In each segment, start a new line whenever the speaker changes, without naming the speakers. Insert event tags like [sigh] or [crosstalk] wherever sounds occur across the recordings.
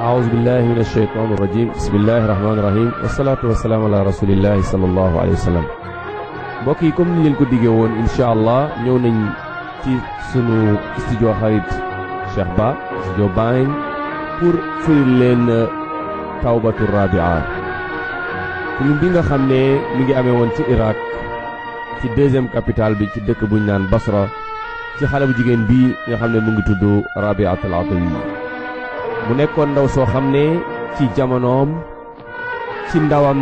أعوذ بالله من الشيطان الرجيم بسم الله الرحمن الرحيم والصلاة والسلام على رسول الله صلى الله عليه وسلم yi comme ni leen ko diggee woon allah ñëw nañ ci sunu studio xarit Cheikh Ba studio Bain euh, bi nga xam ne mi ngi amee woon ci Irak ci deuxième capitale bi ci dëkk bu naan Basra ci xale bu jigéen bi nga xam ne mu ngi tudd Rabiatul Atawi mu nekkoon ndaw soo xam ne ci jamonoom ci ndawam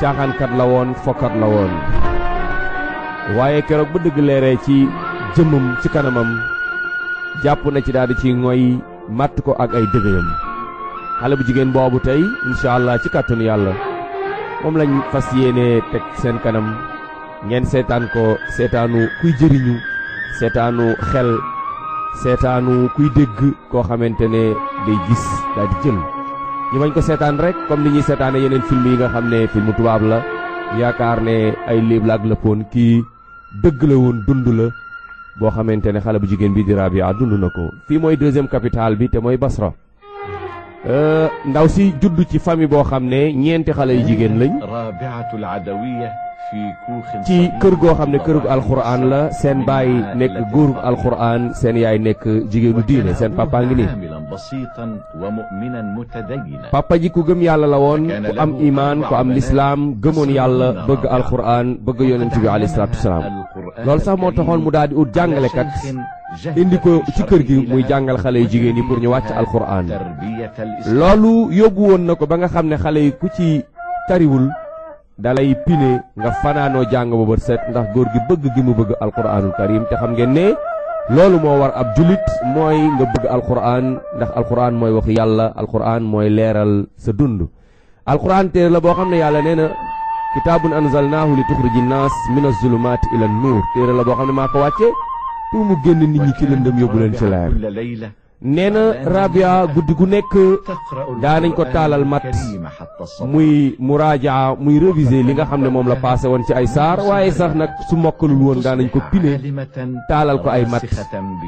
caaxaankat la woon fokkat la woon waaye keroog bu dëgg leeree ci jëmmam ci kanamam jàpp na ci daal di ci ngoy màtt ko ak ay dëgëyam xale bu jigéen boobu tey incha allah ci kàttanu yàlla moom lañ fas yéene teg seen kanam ngeen seetaan ko seetaanu kuy jëriñu seetaanu xel seetaanu kuy dégg koo xamante ne day gis daal di jël ñu bañ ko seetaan rek comme ni ñuy seetaane yeneen film yi nga xam ne filmu tubaab la yaakaar ne ay léeb la ak lëppoon kii dëgg la woon dund la boo xamante ne xale bu jigéen bi di Rabia dund na ko fii mooy deuxième capitale bi te mooy Basra euh, ndaw si judd ci famille boo xam ne ñeenti xale yu jigéen lañ
Rabiatul Adawiya ci
kër goo xam ne kërug alxuraan la seen baay nekk góorug alxuraan seen yaay nekk jigéenu diine seen papa ngi nii papa ji ku gëm yàlla la woon ku am imaan ku am lislaam gëmoon yàlla bëgg alxuraan bëgg yonent bi alayhi salaatu wasalaam loolu sax moo taxoon mu daal di ut jàngalekat indi ko ci kër gi muy jàngal xale yu jigéen yi pour ñu wàcc alxuraan loolu yóbbu woon na ko ba nga xam ne xale yi ku ci tariwul dalay pine nga fanaanoo jàng ba set ndax góor gi bëgg gi mu bëgg alquranul karim te xam ngeen ne loolu moo war ab julit mooy nga bëgg alquran ndax alquran mooy wax yàlla alquran mooy leeral sa dund alquran téere la boo xam ne yàlla nee na kitaabun anzalnaahu li tuxriji naas min azulumaati ila nuur téere la boo xam ne maa ko wàcce pour mu génn nit ñi ci lëndëm yóbbu leen ci leer nee na rabia guddi gu nekk daanañ ko taalal mat muy muraajaa muy réviser li nga xam ne moom la passé woon ci ay saar waaye sax nag su mokkalul woon daanañ ko pine
taalal ko ay mat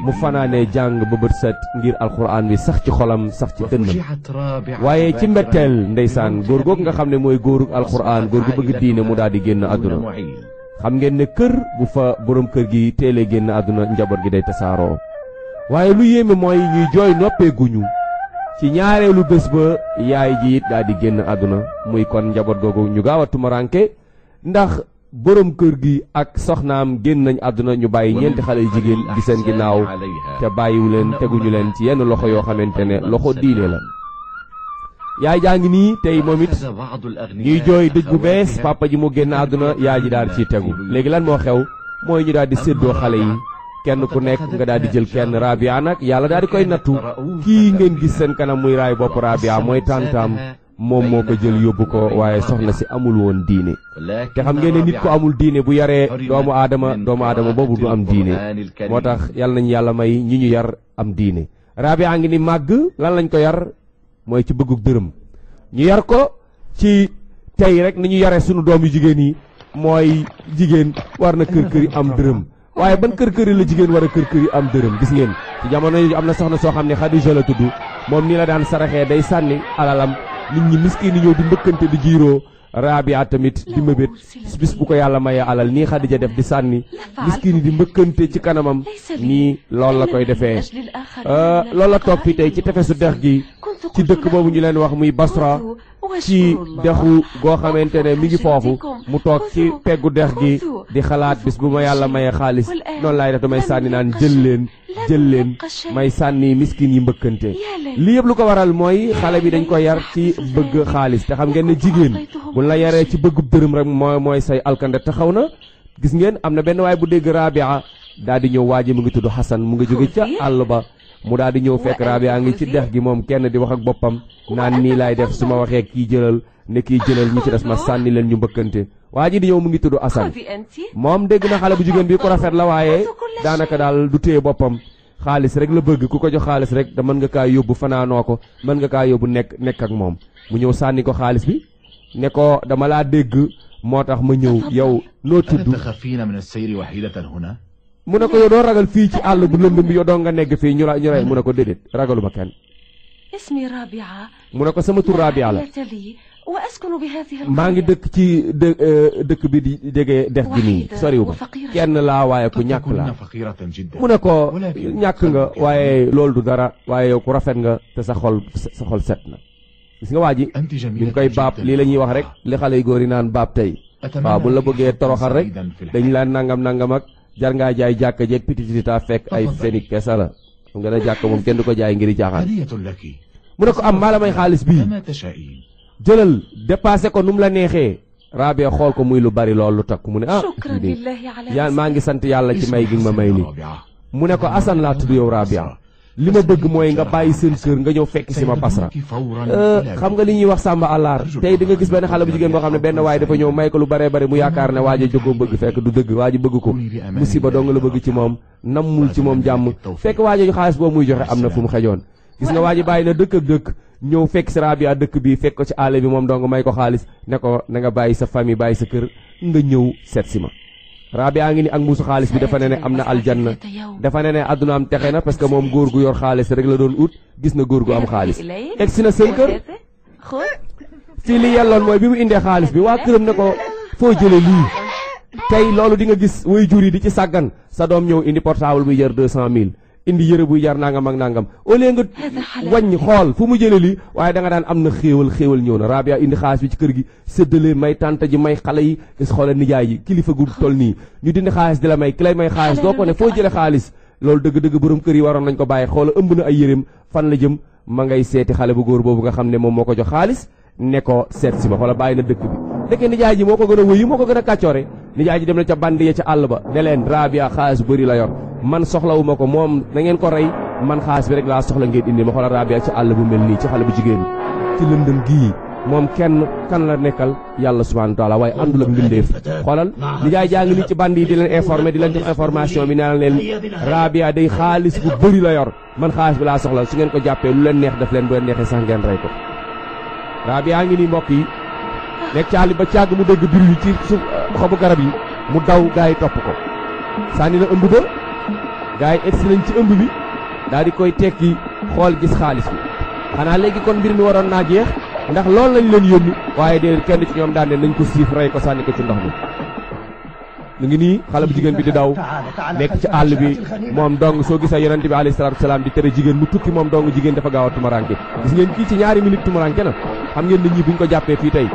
mu fanaanee jàng ba bët set ngir alxuraan bi sax ci xolam sax ci dënnam
waaye ci mbetteel
ndeysaan góor googu nga xam ne mooy góorug alxuraan góor gu bëgg diine mu daal di génn àdduna xam ngeen ne kër bu fa borom kër gi teelee génn àdduna njaboot gi day tasaaroo waaye lu yéeme mooy ñuy jooy noppeeguñu ci ñaareelu bés ba yaay ji it daal di génn àdduna muy kon njaboot googu ñu gaaw a tumaranke ndax bërëm kër gi ak soxnaam génn nañ àdduna ñu bàyyi ñeenti xale yu jigéen di seen ginnaaw te bàyyiwu leen teguñu leen ci yenn loxo yoo xamante ne loxo diine la yaay jaa ngi nii tey moom it ñuy jooy dëj bu bees papa ji mu génn àdduna yaay ji daal ciy tegu léegi lan moo xew mooy ñu daal di séddoo xale yi kenn ku nekk nga daal di jël kenn Rabia nag yàlla daal di koy nattu kii ngeen gis seen kanam muy raay bopp Rabia mooy tàntaam moom moo ko jël yóbbu ko waaye soxna si amul woon diine
te xam ngeen ne nit ko amul diine
bu yaree doomu aadama doomu aadama boobu du am diine moo tax yal nañu yàlla may ñi ñu yar am diine Rabia ngi ni màgg lan lañ ko yar mooy ci bëggug dërëm ñu yar ko ci tey rek ni ñu yare sunu doom yu jigéen yi mooy jigéen war na am dërëm waaye ban kër kër yi la jigéen war a kër kër am dërëm gis ngeen ci jamono yi am na soxna soo xam ne Xadija la tudd moom nii la daan saraxee day sànni alalam nit ñi miskin yi ñëw di mbëkkante di jiiroo Rabia tamit di mëbét bis bu ko yàlla maye alal nii ja def di sànni miskin yi di mbëkkante ci kanamam nii loolu la koy defee euh, loolu la toog tey ci tefesu dex gi ci dëkk boobu ñu leen wax muy Basra Oh, ci dexu goo xamante ne mi ngi foofu mu toog ci peggu dex gi di xalaat bis bu ma yàlla mayee xaalis noonu laay def damay sànni naan jël leen jël leen may sànni miskin yi mbëkkante lii yëpp lu ko waral mooy xale bi dañ ko yar ci bëgg xaalis te xam ngeen ne jigéen buñ la yaree ci bëggub dërëm rek mooy mooy say alkande taxaw na gis ngeen am na benn waaye bu dégg Rabia daal di ñëw waa ji mu ngi tudd Xasan mu ngi jóge ca àll ba mu daal di ñëw fekk yaa ngi ci dex gi moom kenn di wax ak boppam naan nii laay def su ma waxee kii jëlal ne kii jëlal ñu ci des ma sànni leen ñu mbëkkante waa ji di ñëw mu ngi tudd Assane moom dégg na xale bu jigéen bi ku rafet la waaye daanaka daal du téye boppam xaalis rek la bëgg ku ko jox xaalis rek da mën nga kaa yóbbu fanaanoo ko mën nga kaa yóbbu nekk nekk ak moom mu ñëw sànni ko xaalis bi ne ko dama laa dégg moo tax ma ñëw yow noo tudd mu ne ko yow doo ragal fii ci àll bu lëndëm bi yow doo nga nekk fii ñu ra ñu rey mu ne ko déedéet ragaluma kenn.
ismi Rabia.
mu ne ko sama tur Rabia la. maa ngi dëkk ci dë e, dëkk bi di jege def gi nii soriw ma kenn laa waaye ku ñàkk laa mu ne ko ñàkk nga waaye loolu du dara waaye yow ku rafet nga te sa xol sa xol set na gis nga waa ji ñu koy baab lii la ñuy wax rek li xale yu góor yi naan baab tey waaw bu la bëggee toroxal rek dañ laa nangam nangam jar ngaa jaay jàkka jeeg piti ci taa fekk ay seen i kesa la nga ne jàkka moom kenn ko jaay ngir caaxaan mu ne ko am maa la may xaalis bii jëlal dépassé ko nu mu la neexee Rabia xool ko muy lu bari lool lu takk mu ne ah yaa maa ngi sant yàlla ci may gi ma may nii mu ne ko Assane laa tudd yow Rabia li ma bëgg mooy nga bàyyi seen kër nga ñëw fekk si ma Basra euh, xam nga li ñuy wax sàmba àllaar tey di nga gis benn xale bu jigéen boo xam ne benn waaye dafa ñëw may ko lu bare bare mu yaakaar ne waaje jógoom bëgg fekk du dëgg waaji bëgg ko musiba dong la bëgg ci moom nammul ci moom jàmm fekk waaje xaalis boo muy joxe am na fu mu xejoon gis nga waaji bàyyi na dëkk ak dëkk ñëw fekk si Rabia dëkk bi fekk ko ci àll bi moom dong may ko xaalis ne ko na nga bàyyi sa bàyyi sa kër nga ñëw seet ma Rabia ngi ni ak mbuusu xaalis bi dafa ne ne am na aljanna dafa ne ne àdduna am texe na parce que moom góor gu yor xaalis rek la doon ut gis na góor gu am xaalis. egsi na seen kër ci li yelloon mooy bi mu indee xaalis bi waa këram ne ko foo jëlee lii tey loolu di nga gis way jur yi di ci sàggan sa doom ñëw indi portable bi jar 200000. indi yëre buy jaar nangam ak nangam au lieu nga wàññi xool fu mu jëlee lii waaye da nga daan am na xéewal xéewal ñëw na rabia indi xaalis bi ci kër gi séddale may tante ji may xale yi is xoolal nijaay yi kilifa gu toll nii ñu dindi xaalis di la may ki may xaalis doo ko ne foo jëlee xaalis loolu dëgg-dëgg borom kër yi waroon nañ ko bàyyi xoola ëmb na ay yëreem fan la jëm ma ngay seeti xale bu góor boobu nga xam ne moom moo ko jox xaalis ne ko ma xoola bàyyi na dëkk bi ndeke nijaay ji ko gën a ko gën a kàccoore nijaay ji dem na ca bandi ya ca àll ba ne leen rabia xaalis bëri la yor man soxlawu ma ko moom na ngeen ko rey man xaalis bi rek laa soxla ngeen indi ma xoolal rabia ci àll bu mel nii ci xale bu jigéen ci lëndëm gii moom kenn kan la nekkal yàlla subhanahu wa taala waaye àndul ak mbindeef xoolal nijaay jaa ngi nii ci bandi yi di leen informé di leen jox information bi naan leen rabia day xaalis bu bëri la yor man xaalis bi laa soxla su ngeen ko jàppee lu leen neex daf leen bu leen neexee sax ngeen ko nekk ci àll ba càgg mu dégg biir yi ci suuf euh, xobu garab yi mu daw gaa yi topp ko sànni na ëmb ba gaa yi egsi nañ ci ëmb bi daal di koy tekki xool gis xaalis bi xanaa léegi kon mbir mi waroon naa jeex ndax loolu lañ leen yónni waaye de kenn ci ñoom daan ne nañ ko siif rey ko sànni ko ci ndox mi mu ngi nii xale bu jigéen bi di daw
nekk ci àll bi moom dong
soo gisee yonente bi alayhi salaatu salaam di tere jigéen mu tukki moom dong jigéen dafa gaaw a ñi buñ ko jàppee fii tey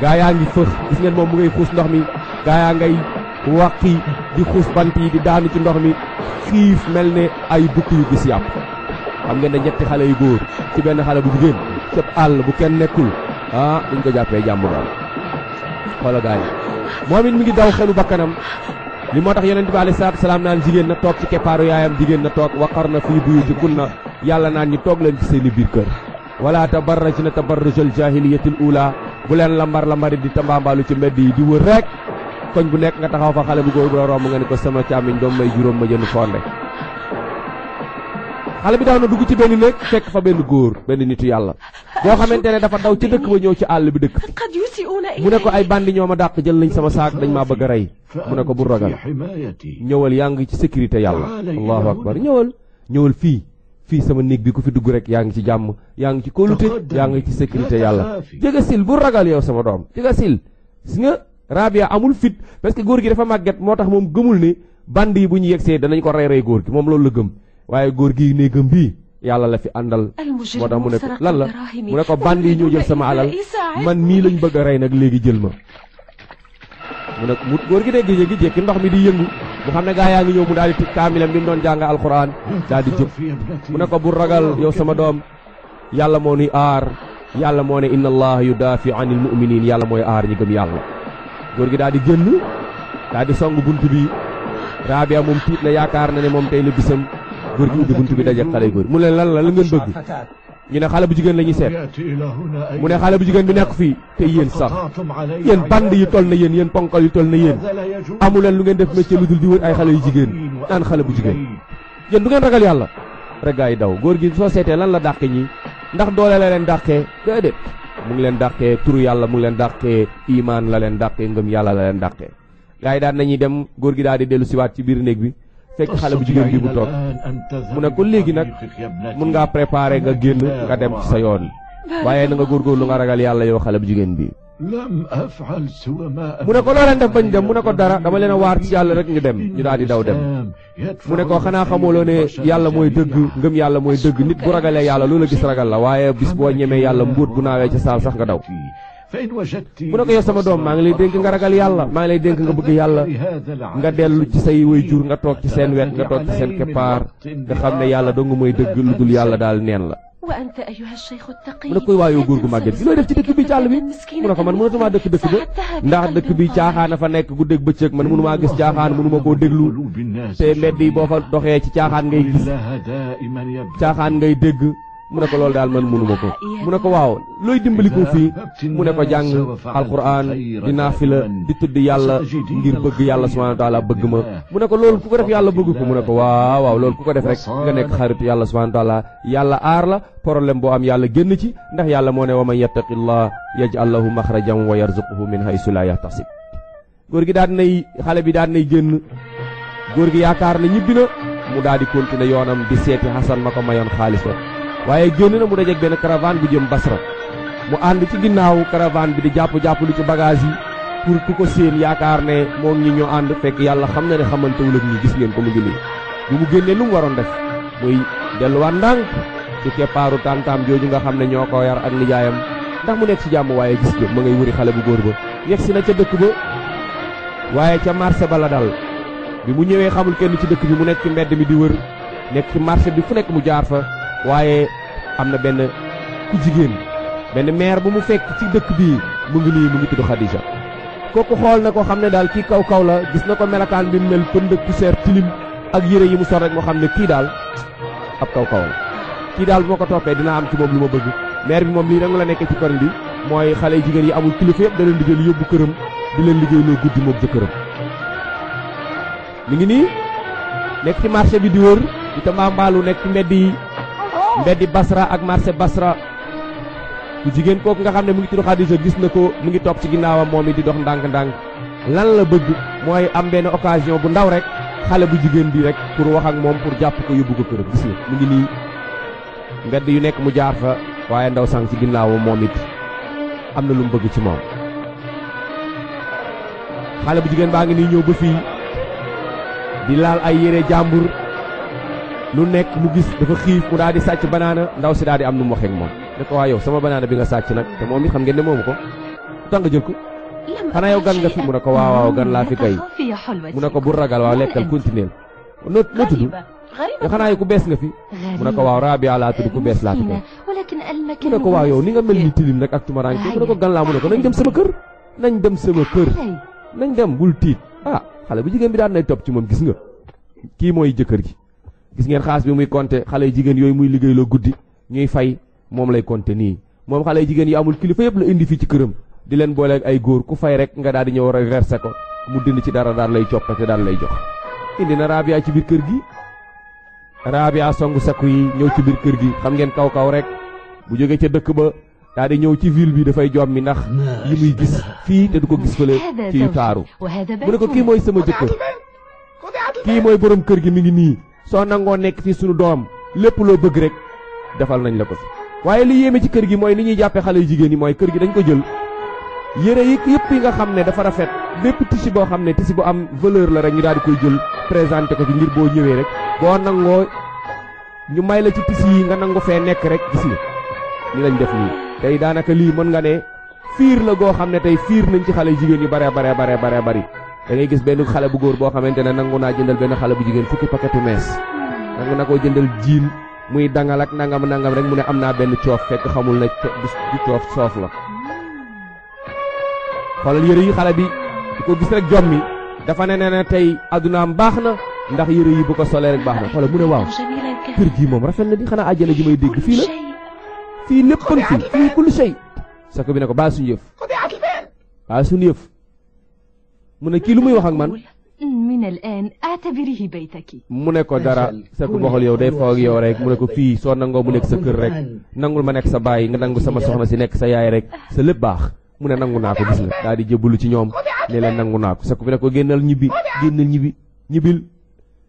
gaa yaa ngi fës gis ngeen moom mu ngay xuus ndox mi gaa yaa ngay wàqi di xuus bant yi di daanu ci ndox mi xiif mel ne ay bukk yu gis yàpp xam ngeen ne ñetti xale yu góor ci benn xale bu jigéen cëb àll bu kenn nekkul ah duñ ko jàppee jàmm daal xoola gaa yi moom it mi ngi daw xelu bakkanam li moo tax yonent bi alayhi salaatu salaam naan jigéen na toog ci keppaaru yaayam jigéen na toog wax waqar na fii na yàlla naan ñu toog leen ci seeni biir kër wala tabarrajna tabarrujal jaahiliyatil ula bu leen lambar lambari di tambaambaalu ci mbedd yi di wër rek koñ bu nekk nga taxaw fa xale bu góor bu la romb nga ni ko sama càmmiñ doom may juróom ma jënd fonde xale bi daaw na dugg ci benn néeg fekk fa benn góor benn nitu yàlla boo xamante ne dafa daw ci dëkk ba ñëw ci àll bi dëkk mu ne ko ay bandi ñoo ma dàq jël nañ sama saak dañ maa bëgg rey mu ne ko bu ragal ñëwal yàng ci sécurité yàlla allahu akbar ñëwal ñëwal fii fii sama néeg bi ku fi dugg rek yaa ngi ci jàmm yaa ngi ci kóolute yaa ngi ci sécurité yàlla jega sil bu ragal yow sama doom jega sil si nga Rabia amul fit parce que góor gi dafa màgget moo tax moom gëmul ni band yi bu ñu yegsee danañ ko rey rey góor gi moom loolu la gëm waaye góor gi gëm bii yàlla la fi àndal moo tax mu ne lan la mu ne ko band yi ñëw jël sama alal man mii lañ bëgg a rey nag léegi jël ma mu ne mu góor gi dégg yëngi jékki ndox mi di yëngu mu xam ne gaa yaa ngi ñëw mu daal di tëj kaamilam bi mu doon jàng alxuraan daal di jóg mu ne ko bu ragal yow sama doom yàlla moo nuy aar yàlla moo ne inna allaha yudaafi anil muminin yàlla mooy aar ñi gëm yàlla góor gi daal di génn daal di song bunt bi Rabia moom tiit na yaakaar na ne moom tey la bisam góor gi ubbi bunt bi daje xale góor mu ne lan la la ngeen bëgg ñu ne xale bu jigéen la ñuy seet
mu ne xale bu jigéen bi nekk fii te yéen sax yéen band yi toll na
yéen yéen ponkal yi toll na yéen amu leen lu ngeen def métier lu dul di wër ay xale yu jigéen naan xale bu jigéen yéen du ngeen ragal yàlla rek gaa yi daw góor gi soo seetee lan la dàqe ñi ndax doole la leen dàqee déedéet mu ngi leen dàqee turu yàlla mu ngi leen dàqee imaan la leen dàqee ngëm yàlla la leen dàqee gaa yi daan nañuy dem góor gi daal di dellu siwaat ci biir néeg bi fekk xale bu jigéen bi bu toog mu ne ko léegi nag mun ngaa préparer nga génn nga dem ci sa yoon waaye na nga góorgóorlu nga ragal yàlla yow xale bu jigéen bi
mu
ne ko loo leen def bañ dem mu ne ko dara dama leen a waar ci yàlla rek ñu dem ñu daal di daw dem mu ne ko xanaa xamoo loo ne yàlla mooy dëgg ngëm yàlla mooy dëgg nit bu ragalee yàlla loola gis ragal la waaye bis boo ñemee yàlla mbóot bu naawee ca saal sax nga daw mu ne ko yow sama doom maa ngi lay dénk nga ragal yàlla maa ngi lay dénk nga bëgg yàlla nga dellu ci say way jur nga toog ci seen wet nga toog ci seen keppaar nga xam ne yàlla dong mooy dëgg lu dul yàlla daal neen la
mu ne koy waayoo góor gu màgget bi looy def ci
dëkk bi ci àll bi mu ne ko man mënatumaa dëkk dëkk ba dëkk bi caaxaan a fa nekk gu dégg bëccëg man mënumaa gis caaxaan mënuma koo déglu te mbedd yi boo fa doxee ci caaxaan ngay gis caaxaan ngay dégg mu ne ko loolu daal man mënuma ko mu ne ko waaw looy dimbali ko fii mu ne ko jàng alquran di la di tudd yàlla ngir bëgg yàlla subhanahu wa taala bëgg ma mu ne ko loolu ku ko def yàlla bëgg ko mu ne ko waaw waaw lool ku ko def rek nga nekk xaritu yàlla subhanahu wa yàlla aar la problème boo am yàlla génn ci ndax yàlla moo ne wa man yattaqillah yaj'al lahu maxrajan wa yarzuquhu min haysu la yahtasib góor gi daal nay xale bi daal nay génn góor gi yaakaar na ñibbi mu daal di continuer yoonam di seeti Xasan ma ko mayoon xaalis waaye génn na mu dajeeg benn caravane bu jëm Basra mu ànd ci ginnaaw caravane bi di jàpp jàpp lu ci bagage yi pour ku ko séen yaakaar ne moom ñi ñoo ànd fekk yàlla xam na ne xamantewul ak ñi gis ngeen ko mu ngi nii bu mu génnee lu waroon def muy delluwaan ndànk ci keppaaru tàntaam jooju nga xam ne ñoo ko yar ak nijaayam ndax mu nekk ci jàmm waaye gis ko ma ngay wuri xale bu góor ba yegg si na ca dëkk ba waaye ca marché ba la dal bi mu ñëwee xamul kenn ci dëkk bi mu nekk ci mbedd mi di wër nekk ci marché bi fu nekk mu jaar fa waaye am na benn ku jigéen benn maire bu mu fekk ci dëkk bii mu ngi nii mu ngi tudd Khadija kooku xool na ko xam ne daal ci kaw kaw la gis na ko melakaan bi mu mel pënd poussière tilim ak yére yi mu sol rek moo xam ne kii daal ab kaw kaw la kii daal bu ma ko toppee dinaa am ci moom lu ma bëgg maire bi moom lii rek la nekkee ci koñ bi mooy xale jigéen yi amul kilifa yëpp da leen di jël yóbbu këram di leen liggéey loo guddi moom jëkkëram mi ngi nii nekk ci marché bi di wër di tambaambaalu nekk ci yi mbeddi Basra ak marché Basra ku jigéen kooku nga xam ne mu ngi tudd Xadija gis na ko mu ngi topp ci ginnaawam moom it di dox ndànk-ndànk lan la bëgg mooy am benn occasion bu ndaw rek xale bu jigéen bi rek pour wax ak moom pour jàpp ko yóbbu ko këram gis nga mu ngi nii mbedd yu nekk mu jaar fa waaye ndaw san ci ginnaawam moom it am na lu mu bëgg ci moom. xale bu jigéen baa ngi nii ñëw ba fii di laal ay yére jàmbur. lu nekk mu gis dafa xiif mu daa di sàcc banaana ndaw si daal di am nu mu waxee ak moom ne ko waa yow sama banaana bi nga sàcc nag te moom it xam ngeen ne moomu ko lu tax nga jël ko xanaa yow gan nga fi mu ne ko waaw waaw gan laa fi kay mu ne ko bu ragal waa lekkal continuer noo noo tudd yow xanaa yow ku bees nga fi mu ne ko waaw Rabia laa tudd ku bees laa fi kay
mu ne ko waaw yow
ni nga mel ni tilim nag ak tumaranke mu ne ko gan laa mu ne ko nañ dem sama kër nañ dem sama kër nañ dem bul tiit ah xale bu jigéen bi daan nay topp ci moom gis nga kii mooy jëkkër gi gis ngeen xaalis bi muy compter xale jigéen yooyu muy liggéey loo guddi ñuy fay moom lay konte nii moom xale jigéen yi amul kilifa yëpp la indi fii ci këram di leen booleeg ay góor ku fay rek nga daal di ñëw rek verser ko mu dindi ci dara daal lay coppate daal lay jox. indi na Rabia ci biir kër gi Rabia songu sakku yi ñëw ci biir kër gi xam ngeen kaw kaw rek bu jógee ca dëkk ba daal di ñëw ci ville bi dafay joom mi ndax yi muy gis fii te du ko gis fële ci yu
sama jëkkër
kii mooy kër gi mi ngi nii. soo nangoo nekk fii suñu doom lépp loo bëgg rek defal nañ la ko si waaye li yéeme ci kër gi mooy ni ñuy jàppee xale yu jigéen yi mooy kër gi dañ ko jël yére yi yëpp yi nga xam ne dafa rafet lépp tissu boo xam ne tissu bu am valeur la rek ñu daal di koy jël présenté ko ci ngir boo ñëwee rek boo nangoo ñu may la ci tissu yi nga nangu fee nekk rek gis nga ni lañ def nii tey daanaka lii mën nga ne fiir la goo xam ne tey fiir nañ ci xale jigéen yu bare bare bare bare bari dangay gis benn xale bu góor boo xamante ne nangu naa jëndal benn xale bu jigéen fukki paquetu mees nangu na koo jëndal jiin muy dangal ak nangam nangam rek mu ne am naa benn coof fekk xamul na du coof soof la xoolal yëre yi xale bi di ko gis rek jom mi dafa ne nee na tey addunaam baax na ndax yëre yi bu ko solee rek baax na xoolal mu ne waaw kër gii moom rafet na di xanaa àjjana ji may dégg fii la fii lépp fi fii kulli shay sa bi ne ko baa suñu yëf mu ne kii lu muy wax ak man.
mu ne ko dara sa ko yow day foog yow rek mu ne ko fii soo nangoo mu nekk sa kër rek
nangul ma nekk sa baay nga nangu sama soxna si nekk sa yaay rek sa lépp baax mu ne nangu naa ko gis la daal di jébbalu ci ñoom ne leen nangu naa ko sa bi ne ko génnal ñibbi génnal ñibbi ñibbil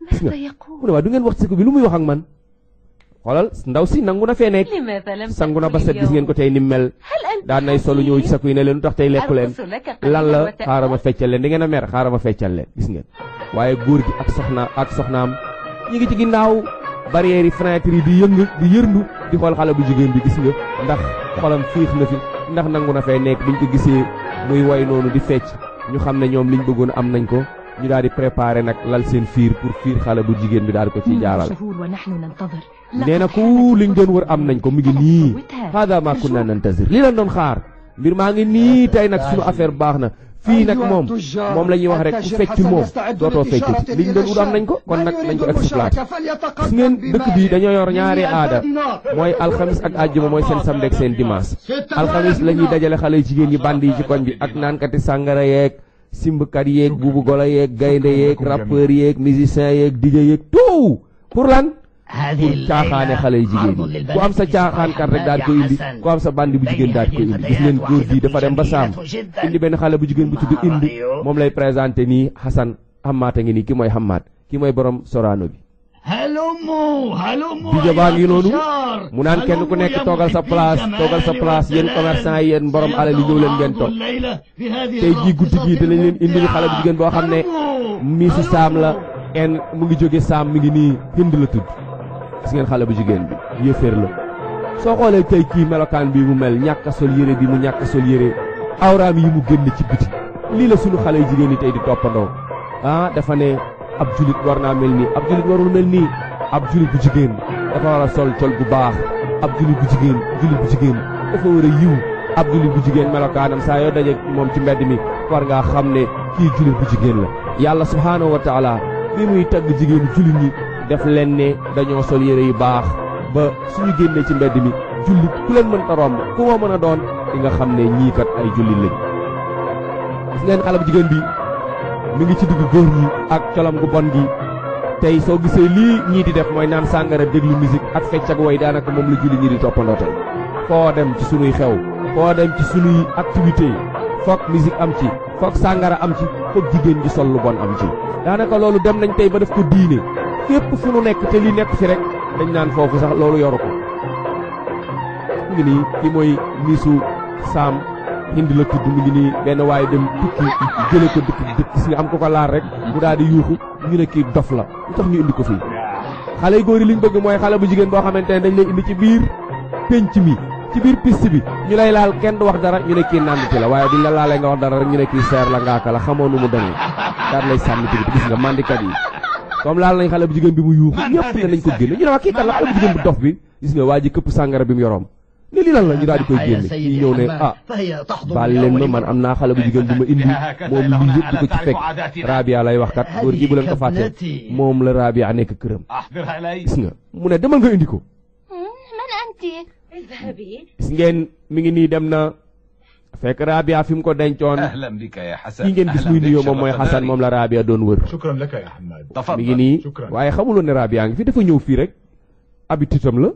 gis nga mu ne waaw du ngeen wax sa bi lu muy wax ak man xoolal ndaw si nangu na fee nekk sangu na ba set gis ngeen ko tey ni mel daan nay solu ñëw ci sakku yi ne leen lu tax tey lekku leen lan la xaaral ma feccal leen di ngeen a mer xaaral ma feccal leen gis ngeen. waaye góor gi ak soxna ak soxnaam ñi ngi ci ginnaaw barrière yi fenêtre yi di yëngu di yërndu di xool xale bu jigéen bi gis nga ndax xolam fiix na fi ndax nangu na fee nekk biñ ko gisee muy woy noonu di fecc ñu xam ne ñoom liñ bëggoon am nañ ko. ñu daal di préparé nag lal seen fiir pour fiir xale bu jigéen bi daal di ko ciy jaaral nee na ku liñ doon wër am nañ ko mu ngi nii hada ma kunna nantazir lii lañ doon xaar mbir maa ngi nii tey nag suñu affaire baax na fii nag moom moom la ñuy wax rek ku fecc moom dootoo feccati liñ doon ut am nañ ko kon nag nañ ko exploité
gis ngeen dëkk bi dañoo yor ñaari aada mooy alxamis
ak àjjuma mooy seen samedi ak seen dimanche alxamis la ñuy dajale xale jigéen yi band yi ci koñ bi ak naankati sàngara yeeg simbkat yeeg buubu golo yeeg gaynde yeeg rappeur yeeg musicien yeeg DJ yeeg tout pour lan pour caaxaane xale yu jigéen yi ku am sa caaxaankat rek daal ko indi ku am sa bandi bu jigéen daal ko indi gis ngeen góor gi dafa dem ba saam indi benn xale bu jigéen bu tudd indi moom lay présenté nii Xasan Xamaat a ngi nii ki mooy Xamaat ki mooy borom Sorano bi
du jobaa ngi noonu mu naan kenn ku nekk toogal sa place toogal sa place yéen commerçant yi yéen borom alal yi ñëw leen ngeen toog tey jii guddi gii dinañ leen indil xale bu jigéen boo xam ne
Miss saam la en mu ngi jóge Sam mi ngi nii Hind la tudd gis ngeen xale bu jigéen bi yëféer la soo xoolee tey kii melokaan bi mu mel ñàkk sol yére bi mu ñàkk sol yére awraam yi mu génn ci biti lii la sunu xale yu jigéen yi tey di toppandoo ah, dafa ne ab julit war naa mel nii ab julit warul mel nii ab julit bu jigéen dafa war a sol col bu baax ab julit bu jigéen julit bu jigéen dafa war a yiw ab julit bu jigéen melokaanam saa yoo daje moom ci mbedd mi war ngaa xam ne kii julit bu jigéen la yàlla subhaanahu wa taala bi muy tagg jigéen julit ñi def leen ne dañoo sol yére yu baax ba suñu génnee ci mbedd mi jullit ku leen mën a romb ku moo mën a doon di nga xam ne ñii kat ay jullit lañ gis ngeen mi ngi ci diggu góor ñi ak colom gu bon gi tey soo gisee lii ñii di def mooy naan sàngara déglu musique ak fecc ak woy daanaka moom la julli ñi di toppandoo tey foo dem ci sunuy xew foo dem ci sunuy activité foog musique am ci foog sàngara am ci foog jigéen ji sol lu bon am ci daanaka loolu dem nañ tey ba def ko diine képp fu nu nekk te li nekk fi rek dañ naan foofu sax loolu yoru ko mu ngi nii ki mooy miisu saam hindi la tudd mu ngi nii benn waaye dem tukki jële ko dëkk dëkk gis nga am ko ko laal rek mu daal di yuuxu ñu ne kii dof la lu tax ñu indi ko fii xale yu góor yi liñ bëgg mooy xale bu jigéen boo xamante ne dañ lay ci biir pénc mi ci biir piste bi ñu lay laal kenn du wax dara ñu ne kii nànd ci la waaye duñ la laalee nga wax dara rek ñu ne kii seer la ngaaka la xamoo nu mu demee daal lay sànni ci gis nga màndikat yi comme laal nañ xale bu jigéen bi mu yuuxu ñëpp ne nañ ko génne bi waa ji këpp sàngara bi mu yoroom ne lii lan la ñu daal di koy ah, génne ah, kii ah, ñëw ne ah baal leen ma man am naa xale bu jigéen bu ma indi [laughs] moom lii yëpp di ko ci fekk Rabia lay wax kat góor gi bu leen ko moom la Rabia nekk këram gis nga mu ne demal nga indi ko
gis
ngeen mu ngi nii dem na fekk Rabia fi mu ko dencoon kii ngeen gis muy nuyoo moom mooy Xasan moom la Rabia doon wër mi ngi nii waaye xamuloon ne Rabia ngi fi dafa ñëw fii rek habitude am la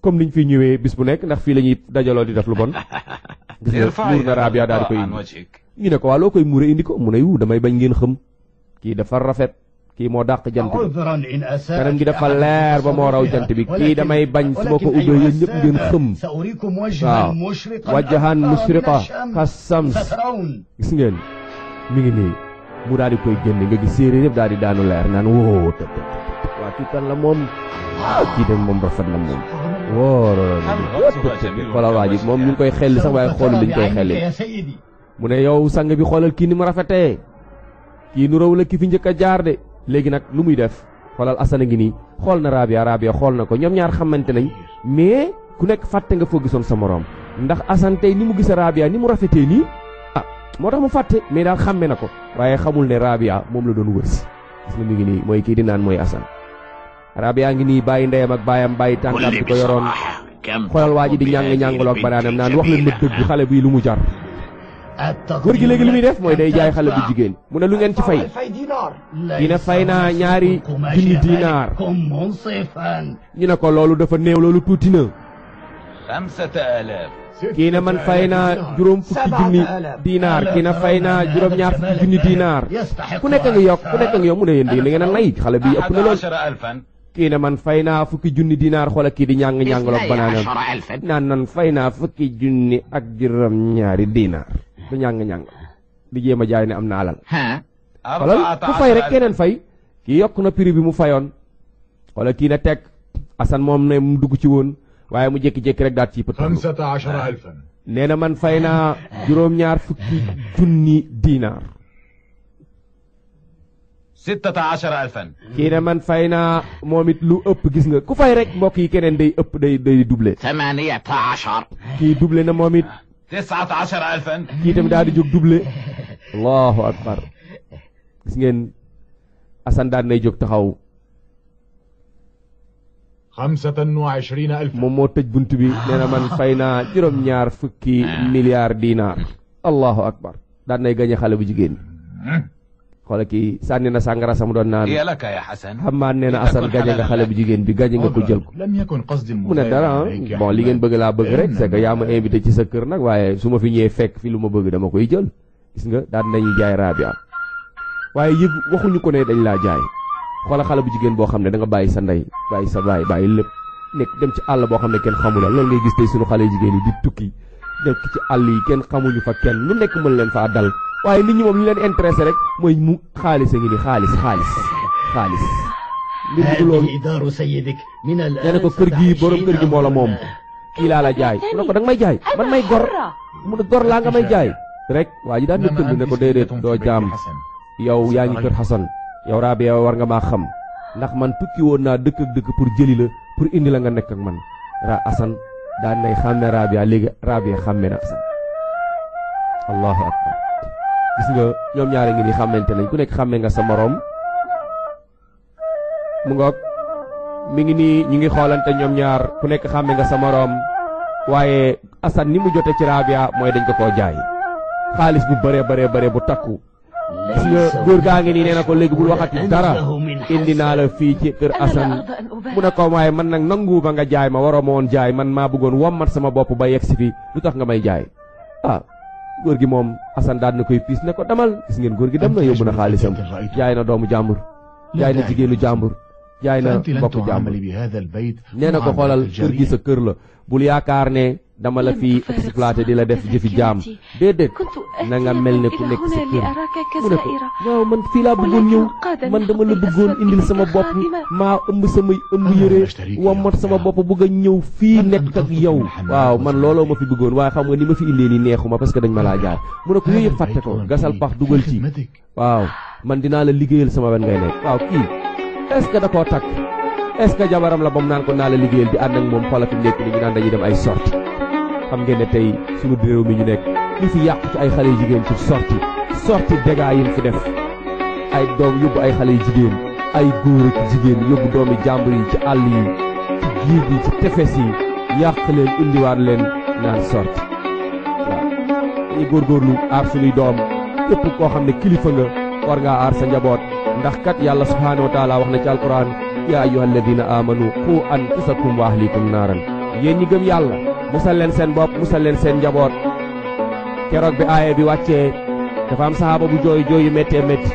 comme niñ fii ñëwee bis bu nekk ndax fii la ñuy dajaloo di def lu bon. [laughs] gis nga muur na Rabia ah, ah, ne ko waa loo koy muuree indi mu ne wu damay bañ ngeen xam kii dafa rafet. kii moo dàq jant bi
kanam gi dafa leer ba moo raw jant bi kii damay bañ su ma ko ubbee yéen ñëpp ngeen xëm waaw wajjahan musriqa kasams
gis ngeen mi ngi nii mu daal di koy génne nga gis séeréer yëpp daal di daanu leer naan woo tëb waa kii la moom de moom rafet na moom wóoroon xoolal waa ji moom ñu koy xelli sax waaye xoolu liñ koy xelli mu ne yow sang bi xoolal kii ni mu rafetee kii nu raw la ki fi njëkk a jaar de léegi nag lu muy def xoolal asana ngi nii xool na Rabia Rabia xool na ko ñoom ñaar xamante nañ mais ku nekk fàtte nga foo gisoon sa moroom ndax asan tey ni mu gis a Rabia ni mu rafetee nii ah moo tax mu fàtte mais daal xàmme na ko waaye xamul ne Rabia moom la doon wër si gis nii mooy kii di naan mooy asan rab yaa ngi nii bàyyi ndeyam ak baayam bàyyi tànkam bi ko yoroon xoolal waa ji di ñàng ñàngaloo ak banaanam naan wax leen ma dëgg xale bii lu mu jar góor gi léegi li muy def mooy day jaay xale bu jigéen mu ne lu ngeen ci fay
dina fay naa ñaari junni dinaar
ñu ne ko loolu dafa néew loolu tuuti na
kii ne man fay naa juróom fukki junni diinaar kii ne fay naa juróom ñaar fukki junni diinaar ku nekk nga yokk ku nekk nga yokk mu ne yéen di ngeen a lay xale bi ëpp na lool
kii ne man fay naa fukki junni dinaar xoola kii di ñàng ñàngaloog banaanam naan nan fay naa fukki junni ak juróom ñaari dinaar du ñàng ñàng di jéem a jaay ne am na alal
xoolal ku fay rek keneen
fay kii yokk na prix bi mu fayoon xoola kii na teg asan moom ne mu dugg ci woon waaye mu jékki-jékki rek daal ci pët nee na man fay naa juróom-ñaar fukki junni dinaar
sittata achara
kii ne man fay naa moom it lu ëpp gis nga ku fay rek mbokk yi keneen day ëpp day day doublé thamaniyata achar kii doublé na moom it
tisata achara alfan kii di
jóg doublé allahu akbar gis ngeen Assane daal nay jóg taxaw xamsatan wa moom moo tëj bunt bi nee man fay naa juróom-ñaar fukki ah. milliards dinaar allahu akbar daal nay gañe xale bu jigéen hmm. xoola kii sànni na sàngara sama doon naan xamaan nee na Assane gañe nga xale bu jigéen bi gañe nga ko jël ko mu ne dara ah, bon li ngeen bëgg laa bëgg rek c'est que yaa ma invité ci sa kër nag waaye su ma fi ñëwee fekk fi lu ma bëgg dama koy jël gis nga daan nañu jaay Rabia waaye yëg waxuñu ko ne dañu laa jaay xoola xale bu jigéen boo xam ne danga bàyyi sa ndey bàyyi sa baay bàyyi lépp nekk dem ci àll boo xam ne kenn la loolu ngay gis tey suñu jigéen yi di tukki nekk ci àll yi kenn xamuñu fa kenn lu nekk mën leen faa dal waaye nit ñi moom li leen intéressé rek mooy mu xaalis a ngi ni xaalis xaalis xaalis
mbir mi du loolu na ko kër gi borom kër gi moo la moom
kii laa la jaay mu ne ko da may jaay man may gor
mu ne gor laa nga may jaay
rek waa ji daan na tënd ne ko déedéet doo jaam yow yaa ngi kër Xasan yow raabi yow war nga maa xam ndax man tukki woon naa dëkk ak dëkk pour jëli la pour indi la nga nekk ak man ra Asan daan nay xàmme raabi léegi raabi xàmme na Asan allahu akbar gis ñoom ñaare ngi ni xàmmante ku nekk xàmme nga sa moroom mu ngoog mi ngi nii ñu ngi xoolante ñoom ñaar ku nekk xàmme nga sa moroom waaye Assane ni mu jote ci Rabia mooy dañ ko koo jaay xaalis bu bëree bëree bëree bu takku gis nga góor gaa ngi nii nee na ko léegi bul waxati dara indi naa la fii ci kër Assane mu ne ko waaye mën nag nangu ba nga jaay ma waroo ma woon jaay man maa bëggoon wommat sama bopp ba yegg si fi lu tax nga may jaay ah, góor gi moom Assane daan na koy piis ne ko demal gis ngeen góor gi dem na yóbbu na xaalisam jaay na doomu jàmbur jaay na jigéenu jàmbur jaay na mbokku jàmbur nee na ko xoolal kër gi sa kër la bul yaakaar ne dama la fi exploité di la def jëfi jaam déedéet
na nga mel ni ku nekk sa kër mu ne ko waaw man fii laa bëggoon ñëw man dama la bëggoon
indil sama bopp maa ëmb samay ëmb yëre wamat sama bopp bëgg a ñëw fii nekk ak yow waaw man looloo ma fi bëggoon waaye xam nga ni ma fi indee ni neexuma parce que dañ ma laa jaar mu ne ko yooyu yëpp fàtte ko gasal pax dugal ci waaw man dinaa la liggéeyal sama wen ngay nekk waaw kii est da koo takk est-ce que jabaram la ba mu naan ko naa la ànd moom xoolati nekk naan dañuy dem ay sorte xam ngeen ne tey sunu réew mi ñu nekk li fi yàqu ci ay xale yu jigéen ci sorti sorti dégâts yi fi def ay doom yóbbu ay xale yu jigéen ay góor ak jigéen yóbbu doomi jàmbur yi ci àll yi ci giir yi ci tefes yi yàq leen indiwaat leen naan sorti
waaw
ñu góorgóorlu aar sunuy doom képp koo xam ne kilifa nga war ngaa aar sa njaboot ndax kat yàlla subhaanahu wa taala wax na ci alquran yaa ayyuha alladina amanu qu anfusakum wa ahlikum naaran yéen ñi gëm musal leen seen bopp musal leen seen njaboot keroog bi aaye bi wàccee dafa am saxaaba bu jooy jooy yu mettee métti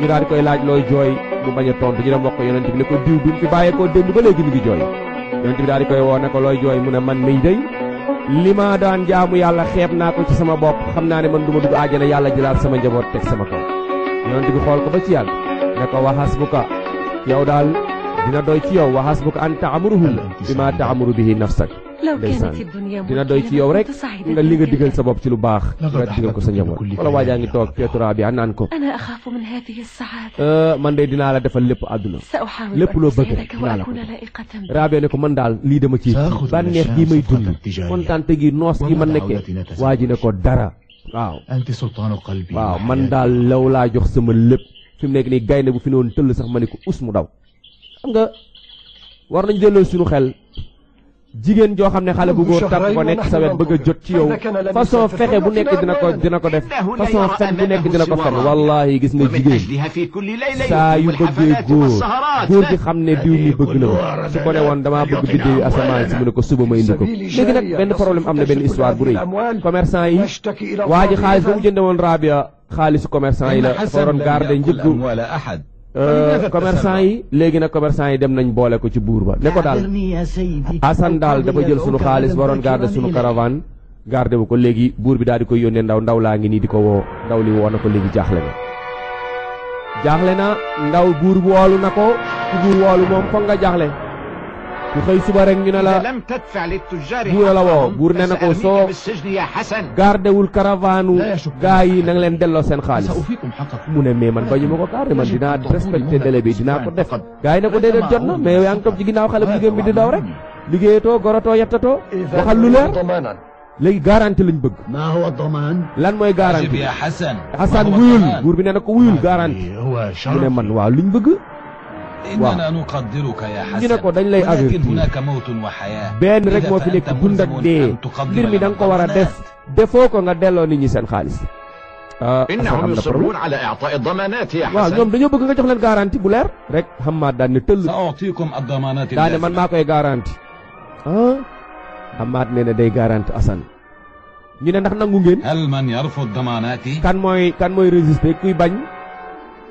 ñu daal di koy laaj looy jooy mu bañ a tontu ñu dem wax ko yonent bi ne ko diw bi mu fi bàyyeekoo démb ba léegi mi ngi jooy yonent bi daal di koy woo ne ko looy jooy mu ne man miy dey li ma daan jaamu yàlla xeeb naa ko ci sama bopp xam naa ne man du ma dugg àjjana yàlla jëlaat sama njaboot teg sama kaw yonent bi xool ko ba ci yàlla ne ko waxas bu ka yow daal dina doy ci yow waxas bu ka an taamuru bi maa taamuru bihi ndeysaan
dina doy ci yow rek nga li nga
digal sa ko
sa
euh, man de dinaa la defal lépp àdduna
lépp loo bëgg rek dinaa la ko raabee
ne ko man daal lii dama ci bànneex gi may dund kontaante gi noos gi ma nekkee waa ji ne ko dara waaw waaw man daal law laa jox sama lépp fi mu nekk nii gaynde bu fi ne tëll sax ma ne ko us mu daw xam nga war nañu delloo suñu xel jigéen joo xam ne xale bu góor tàmm ko nekk sa bëgg a jot ci yow façon fexe bu nekk dina ko dina ko def façon fen bu nekk dina ko fen wallahi gis nga jigéen saa yu bëggee góor góor gi xam ne diw mi bëgg na ma su ko ne woon damaa bëgg biddéew yi asamaan si mu ne ko suba ma indi léegi nag benn problème am na benn histoire bu rëy commerçant yi waa xaalis ba mu jënde woon rabia xaalisu commerçant yi la dafa waroon garder Euh, commerçant yi léegi nag commerçant yi dem nañu boole ko ci buur ba ne ko daal
Assane daal dafa jël sunu xaalis waroon garder sunu caravane
garder wu ko léegi buur bi daal di koy yónnee ndaw ndaw laa ngi nii di ko woo ndaw li woo na ko léegi jaaxle na jaaxle na ndaw buur woolu na ko ku buur woolu moom foog nga jaaxle ku xëy suba rek ñu ne la buur la woo buur ne na soo gardewul karavaanu gaa yi na nga leen delloo seen xaalis mu ne mais man bañu ma ko garde man dinaa respecté délai bi dinaa ko def gaa ne ko déedéet jot na mais yow yaa xale bu jigéen bi di daw rek liggéeyatoo gorotoo yettatoo waxal lu léegi garanti lañ bëgg. lan mooy garanti.
Xasan wuyul buur
bi nee na ko wuyul garanti mu ne man waaw luñ bëgg.
waaw ñu ne ko dañ lay avertir benn rek moo fi nekk dund ak
dee mbir mi da nga ko war a def defoo ko nga delloo nit ñi seen xaalis. am na problème waaw ñoom dañoo bëgg nga jox leen garantie bu leer rek xam maa daan ne tëll.
daa
ne man maa koy garantie. ah Amath nee na day garantie Assane. ñu ne ndax nangu ngeen. kan mooy kan mooy résister kuy bañ.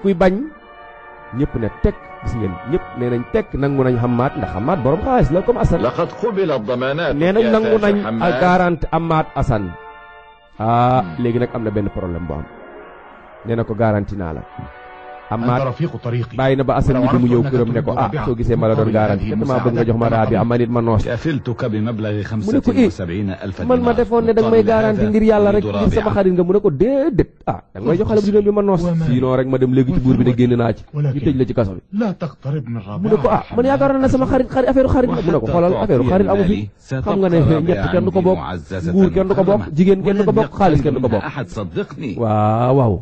kuy bañ ñëpp ne teg. gis ngeen ñëpp nee nañ tekk nangu nañ xamaat ndax xamaat borom xaalis la comme Assane. laqad qubila damanaat nee nañ nangu nañ garanti amaat Assane. ah hmm. léegi nag am na benn problème boo am nee na ko garanti naa la. Amath bàyyi na ba Assane ñibbi mu ñëw këram ne ko ah soo gisee ma la doon garanti damaa bëgg nga jox ma raabi ama nit ma noos. mu ne ko eh man ma defoon ne da may garanti ngir yàlla rek ngir sama xarit nga mu ne ko déedéet ah da may jox xale bu jigéen bi ma noos. sinon rek ma dem léegi ci buur bi ne génn naa ci ñu tëj la ci kaso mu ne ko ah man yaakaaroon na sama xarit xarit affaire xarit la mu ne ko xoolal affaire xarit amu fi xam nga ne ñett kenn du ko waaw waaw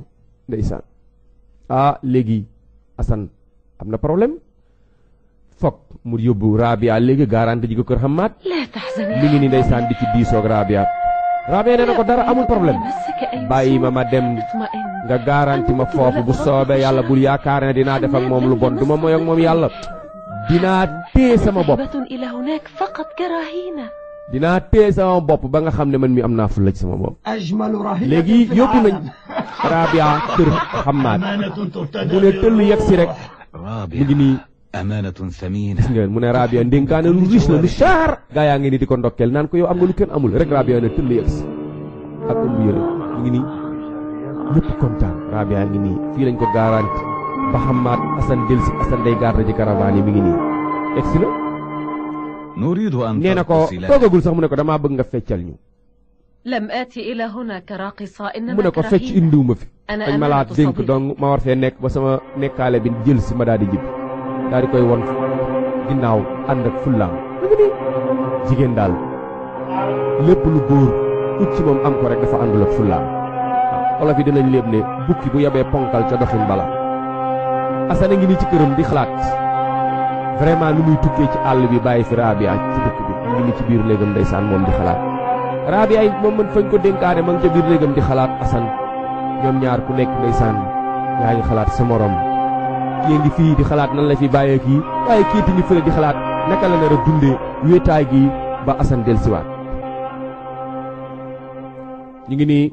ah léegi Assane am na problème foog mu yóbbu Rabia léegi garanti ji ko kër Hamad
mi
ngi
ni ndeysaan di ci diisoog Rabia Rabia nee na ko dara amul problème bàyyi ma ma dem nga garanti ma foofu bu soobee yàlla bul yaakaar ne dinaa def ak moom lu bon duma moy ak moom yàlla dinaa téye sama bopp dinaa téye sama bopp ba nga xam ne man mi am naa fulla ci sama bopp léegi yóbbu nañ rabia kër xamaat
mu ne tëll yegg rek
mu ngi nii mu ne rabia ndénkaane lu riche la lu cher gaa yaa ngi ni di ko ndokkeel naan ko yow am nga lu kenn amul rek rabia ne tëll yegg si ak ëmb yëre mu ngi nii ñëpp kontaan rabia ngi nii fii lañ ko garanti ba xamaat asan delsi asan day gaar ji caravane yi mi ngi nii egg si nee na ko toogagul sax mu ne ko damaa bëgg nga feccal ñu
lam aati ila hunaka raqisa mu ne ko fecc indiwuma fi
dañ ma laa dénk donc ma war fee nekk ba sama nekkaale bi jël si ma daal di jibbi daal koy won ginnaaw ànd ak fullaam jigéen daal lépp lu góor ut ci moom am ko rek dafa àndul ak fullaam olof yi dinañ léeb ne bukki bu yabee ponkal ca doxin bala asana ngi ni ci këram di xalaat vraiment lu muy tukkee ci àll bi bàyyi fi Rabia ci dëkk bi ñu ngi ci biir néegam ndeysaan moom di xalaat Rabia it moom man fañ ko dénkaane ma ngi biir néegam di xalaat Asan ñoom ñaar ku nekk ndeysaan yaa ngi xalaat sa morom kii ngi fii di xalaat nan la fi bàyyee kii waaye kii di fële di xalaat naka la nar a dundee wéetaay gi ba Asan dellusiwaat ñu ngi nii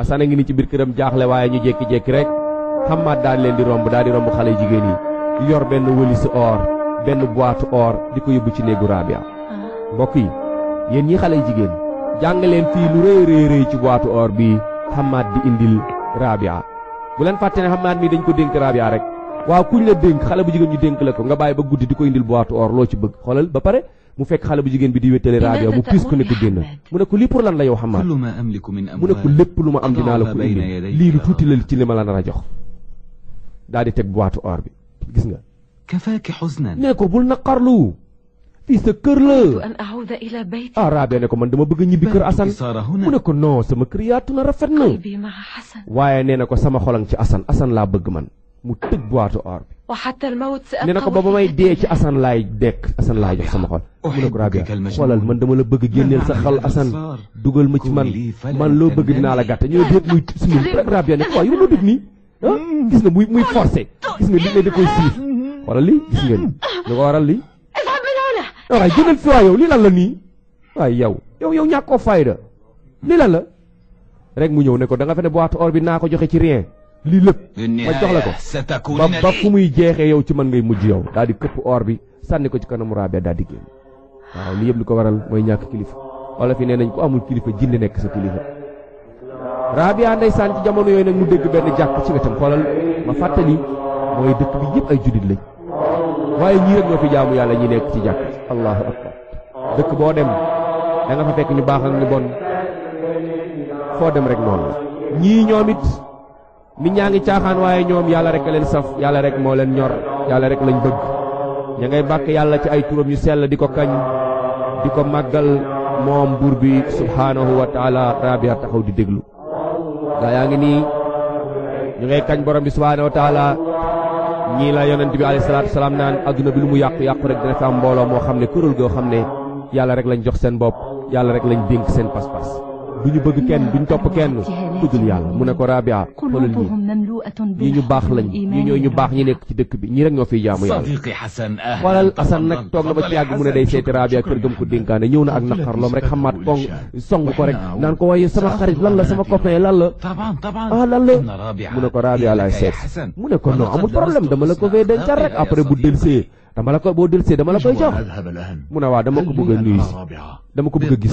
Asan ah. a ngi nii ci biir këram jaaxle waaye ñu jékki-jékki rek xamaat daal leen di romb daal di romb xale jigéen yi yor benn wëlis or benn boîte or di ko yóbbu ci néegu Rabia mbokk yi yéen ñi xale jigéen jàng leen fii lu rëy rëy rëy ci boîte or bi Hamad di indil Rabia bu leen fàtte ne Hamad mi dañ ko dénk Rabia rek waaw kuñ la dénk xale bu jigéen ñu dénk la ko nga bàyyi ba guddi di ko indil boîte or loo ci bëgg xoolal ba pare mu fekk xale bu jigéen bi di wéttale Rabia mu piis ko ne ko génn mu ne ko lii pour lan la yow Hamad mu
lu ma am dinaa la ko indil lii
ci li ma la a jox daal di teg boîte or bi gis nga. kafaaki xusnan. nee ko bul naqarlu. fii sa kër la. ah Rabia ne ko man dama bëgg a mu ne ko non sama kër yaatu na rafet na. waaye nee na ko sama xolang ci Assane Assane laa bëgg man. mu tëj boitu or bi. nee na ko ba may dee ci Assane laay dekk Assane laay jox sama xol. mu ne ko Rabia man dama la bëgg génneel sa xal Assane dugal ma ci man man loo bëgg dinaa la gàtte ñoo déet muy simil rek Rabia ne ko waaw yow nii. gis nga muy muy forcé gis nga li ne da koy siif wala lii gis li lu ko waral li waaye jëlal fi waay yow lii lan la nii waaye yow yow yow ñàkkoo fayda lii lan la rek mu ñëw ne ko da nga fe ne boîte or bi naa ko joxee ci rien lii lépp ma jox la ko ba ba fu muy jeexee yow ci man ngay mujj yow daal këpp or bi sànni ko ci kanamu Rabia daal di génn waaw lii yëpp li ko waral mooy ñàkk kilifa wala fi nee nañ ku amul kilifa jinne nekk sa kilifa Rabia ndeysaan ci jamono yooyu nag mu dégg benn jàkk ci wetam xoolal ma fàttali mooy dëkk bi yëpp ay juddit lañ waaye ñii rek ñoo fi jaamu yàlla ñi nekk ci jàkk allahu akbar dëkk boo dem da fa fekk ñu baax ak ñu bon foo dem rek noonu la ñii ñoom it nit ñaa ngi caaxaan waaye ñoom yàlla rek a leen saf yàlla rek moo leen ñor yàlla rek lañ bëgg ña ngay bàkk yàlla ci ay turam yu sell di ko kañ di ko màggal moom buur bi subhaanahu wa taala rabia di déglu gaa yaa ngi nii ñu ngay kañ borom bi subhaanahu wa taala ñii la yonent bi alayhi salaatu salaam naan adduna bi lu mu yàqu yàqu rek dina fi am mbooloo moo xam ne kuréel goo xam ne yàlla rek lañ jox seen bopp yàlla rek lañ dénk seen pas-pas. du ñu bëgg kenn du ñu topp kenn ku dul yàlla mu ne ko Rabia xoolal
ñi ñi ñu
baax lañ ñi ñooy ñu baax ñi nekk ci dëkk bi ñi rek ñoo fiy jaamu yàlla xoolal ah, Asan nag toog na ba ci mu ne day seeti Rabia kër gëm ko dénkaane ñëw na ak naqarloom rek xamaat kong song ko rek naan ko waaye sama xarit lan la sama copain lan la ah lan la mu ne ko Rabia laay seet mu ne ko non amul problème dama la ko fee dencal rek après bu delsee dama la ko boo dellusee dama la koy jox mu ne waa dama ko bëgg a nuyu si dama ko bëgg a gis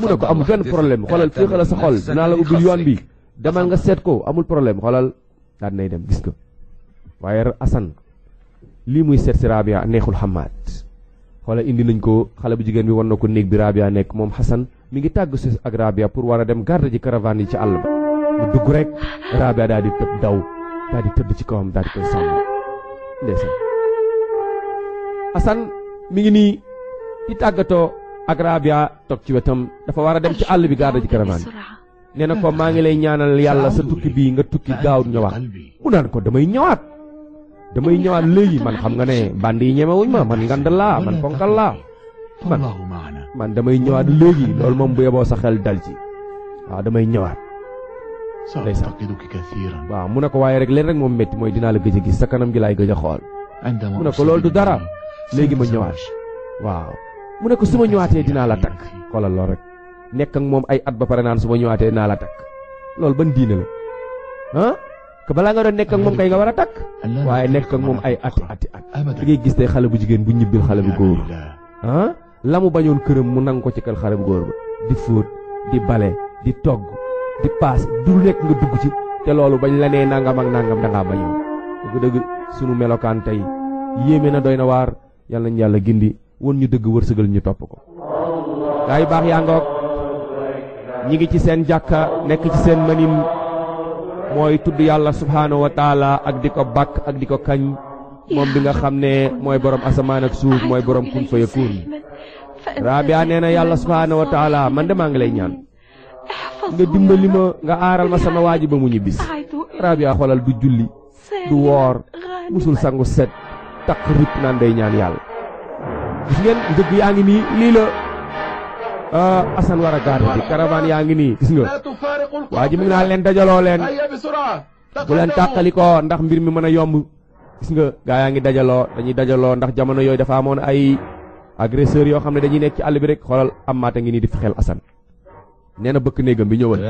mu ne ko amul benn problème xoolal fii sa xol dinaa la ubbil yoon bi demal nga seet ko amul problème xoolal daan nay dem gis ko waaye Assane lii muy seet si Rabia neexul xamaat xoolal indi nañ ko xale bu jigéen bi war na ko néeg bi Rabia nekk moom Assane mi ngi tàgg si ak Rabia pour war a dem garde ji caravane yi ci àll ba mu dugg rek Rabia ci kawam daal di Assane mi ngi nii di tàggatoo ak Rabia toog ci wetam dafa war a dem ci àll bi gaada ji caravane nee na ko maa ngi lay ñaanal yàlla sa tukki bii nga tukki gaaw ñëwaat mu naan ko damay ñëwaat damay ñëwaat léegi man xam nga ne band yi ñemewuñ ma man ngand laa man ponkal laa man man damay ñëwaat léegi loolu moom bu yeboo sa xel dal ci waaw damay ñëwaat ndeysaan waaw mu ne ko waaye rek leen rek moom métti mooy dinaa la gëj a gis sa kanam gi laay gëj a xool ko léegi ma ñëwaat waaw mu nekk su ma ñëwaatee dinaa la takk xoolal lool rek nekk ak moom ay at ba pare naan su ma ñëwaatee dinaa la takk loolu bañ diine la ah balaa nga doon nekk ak moom kay nga war a takk waaye nekk moom ay ati ati at li ngay gis tey xale bu jigéen bu ñibbil xale bu góor ah la mu bañoon këram mu nang ko ci kër xale bu góor di fóot di bale di togg di paas du nekk nga dugg ci te loolu bañ la nee nangam ak nangam dangaa bañoon dëgg melokaan tey yàlla nañu yàlla gindi woon ñu dëgg wërsëgal ñu topp ko gaa yu baax yaa ngoog ñi ngi ci seen jàkka nekk ci seen mënin mooy tudd yàlla subhaanahu wa taala ak di ko bàkk ak di ko kañ moom bi nga xam ne mooy borom asamaan ak suuf mooy borom kun fayakun Rabia nee na yàlla subhaanahu wa man demaa ngi lay ñaan nga dimbali ma nga aaral ma sama waaji ba mu ñibbis Rabia xoolal du julli du woor musul sangu set takk rip naan ñaan yàlla gis ngeen njëg yaa ngi nii lii la euh, war a gaar di caravane yaa ngi nii gis nga waa ji ngi naa leen dajaloo leen
bu leen tàqali ko ndax
mbir mi mën a yomb gis nga gaa yaa ngi dajaloo dañuy dajaloo ndax jamono yooyu dafa amoon ay agresseurs yoo xam ne dañuy nekk ci àll bi rek xoolal am maata ngi nii di fexeel Assane nee na bëkk néegam bi ñëwal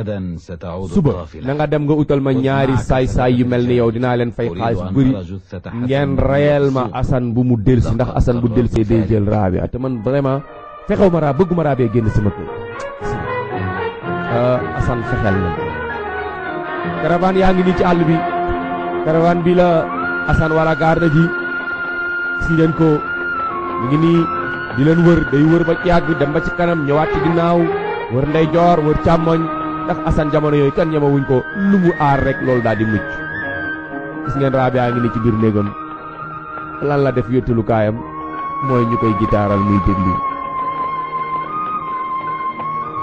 suba na nga dem nga utal ma ñaari saay-saay yu mel ni yow dinaa leen fay xaalis bu bëri ngeen reyal ma asan bu mu delsi ndax asan bu delsee day jël raa bi te man vraiment fexew ma raa bëggu ma raa bee génn sama kër asan ah, fexeel na yaa ngi nii ci àll bi caravane bi la asan wala gaar na ji si ko mu ngi nii di leen wër day wër ba yàgg dem ba ci kanam ñëwaat ci ginnaaw wër ndeyjoor wër càmmoñ ndax Assane jamono yooyu kan ñemewuñ ko lu mu aar rek loolu daal di mucc gis ngeen Rabia ngi ni ci biir néegam lan la def yottalu kaayam mooy ñu koy gitaaral muy déglu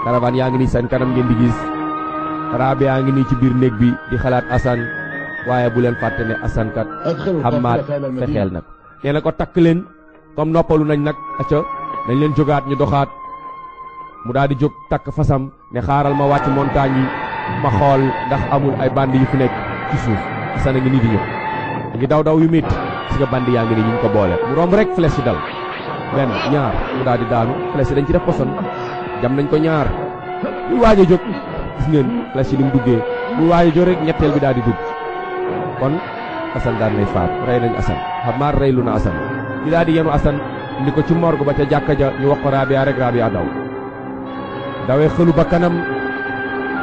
caravane yaa ngi ni seen kanam ngeen di gis Rabia ngi ni ci biir néeg bi di xalaat Assane waaye bu leen fàtte ne Assane kat xamaat fexeel na nee na ko takk leen comme noppalu nañ nag acca dañ leen jógaat ñu doxaat mu daal di jóg takk fasam ne xaaral ma wàcc montagne yi ma xool ndax amul ay band yu fi nekk ci suuf Assane a ngi nii di ñëw a ngi daw daw yu métti si nga band yaa ngi nii ñu ko boole mu romb rekk flèche yi dal benn ñaar mu daal di daanu flèche yi dañ ci def poson jam nañ ko ñaar muy waaj a jóg gis ngeen flèche yi ni mu duggee muy waaj jóg rek ñetteel bi daal di dugg kon Assane daan lay faat rey nañ Assane xamaar rey lu na Assane ñu daal di yenu Assane ni ko ci morgue ba ca jàkka ja ñu wax ko Rabia rek Rabia dawee xëlu ba kanam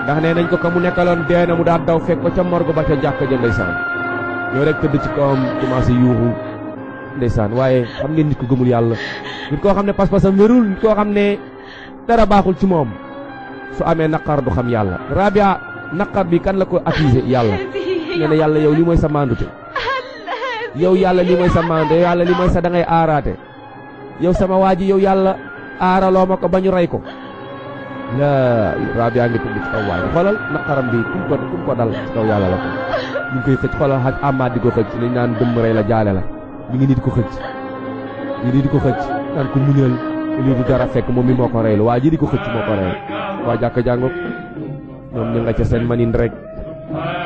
ndax nee nañ ko ka mu nekkaloon dee na mu daan daw fekk ko ca morgue ba ca jàkk ja ndeysaan ñoo rek tëdd ci kawam commencé yuuxu ndeysaan waaye xam ngeen nit ko gëmul yàlla nit koo xam ne pas-pasam wérul nit koo xam ne dara baaxul si moom su amee naqar du xam yàlla rabia naqar bi kan la ko accusé yàlla nee na yàlla yow li mooy sa maandute yow yàlla li mooy sa maandute yàlla li mooy sa da ngay aaraate yow sama waa ji yow yàlla aaraloo ma ko ba ñu rey ko la Rabia ngi tudd ci kaw waaye xoolal naqaram bi kum ko kum ko dal ci kaw yàlla la ko ñu ngi koy xëcc xoolal xaj amaat di ko xëcc li ñu naan dëmm rey la jaale la mi ngi nii di ko xëcc mi nii di ko xëcc naan ko muñal lii du dara fekk moom mi moo ko reylu waa ji di ko xëcc moo ko reylu waa jàkka jàngoog ñoom ñu nga ca seen manin rek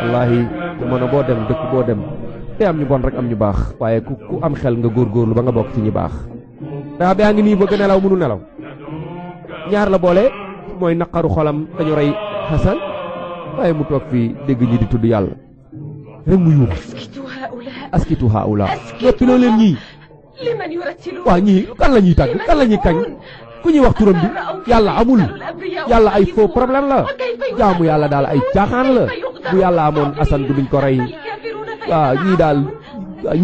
wallaahi jamono boo dem dëkk boo dem te am ñu bon rek am ñu baax waaye ku ku am xel nga góorgóorlu ba nga bokk ci ñi baax. Rabia ngi nii bëgg nelaw mënu mooy naqaru xolam dañu rey xasan waaye mu toog fii dégg ñi di tudd yàlla rek mu yuux askitu haula noppi loo leen ñii
waaw ñii kan la ñuy kan la kañ
ku ñuy wax turam bi yàlla amul yàlla ay faux problème la jaamu yàlla daal ay caaxaan la bu yàlla amoon asan du duñ ko rey
waaw ñii daal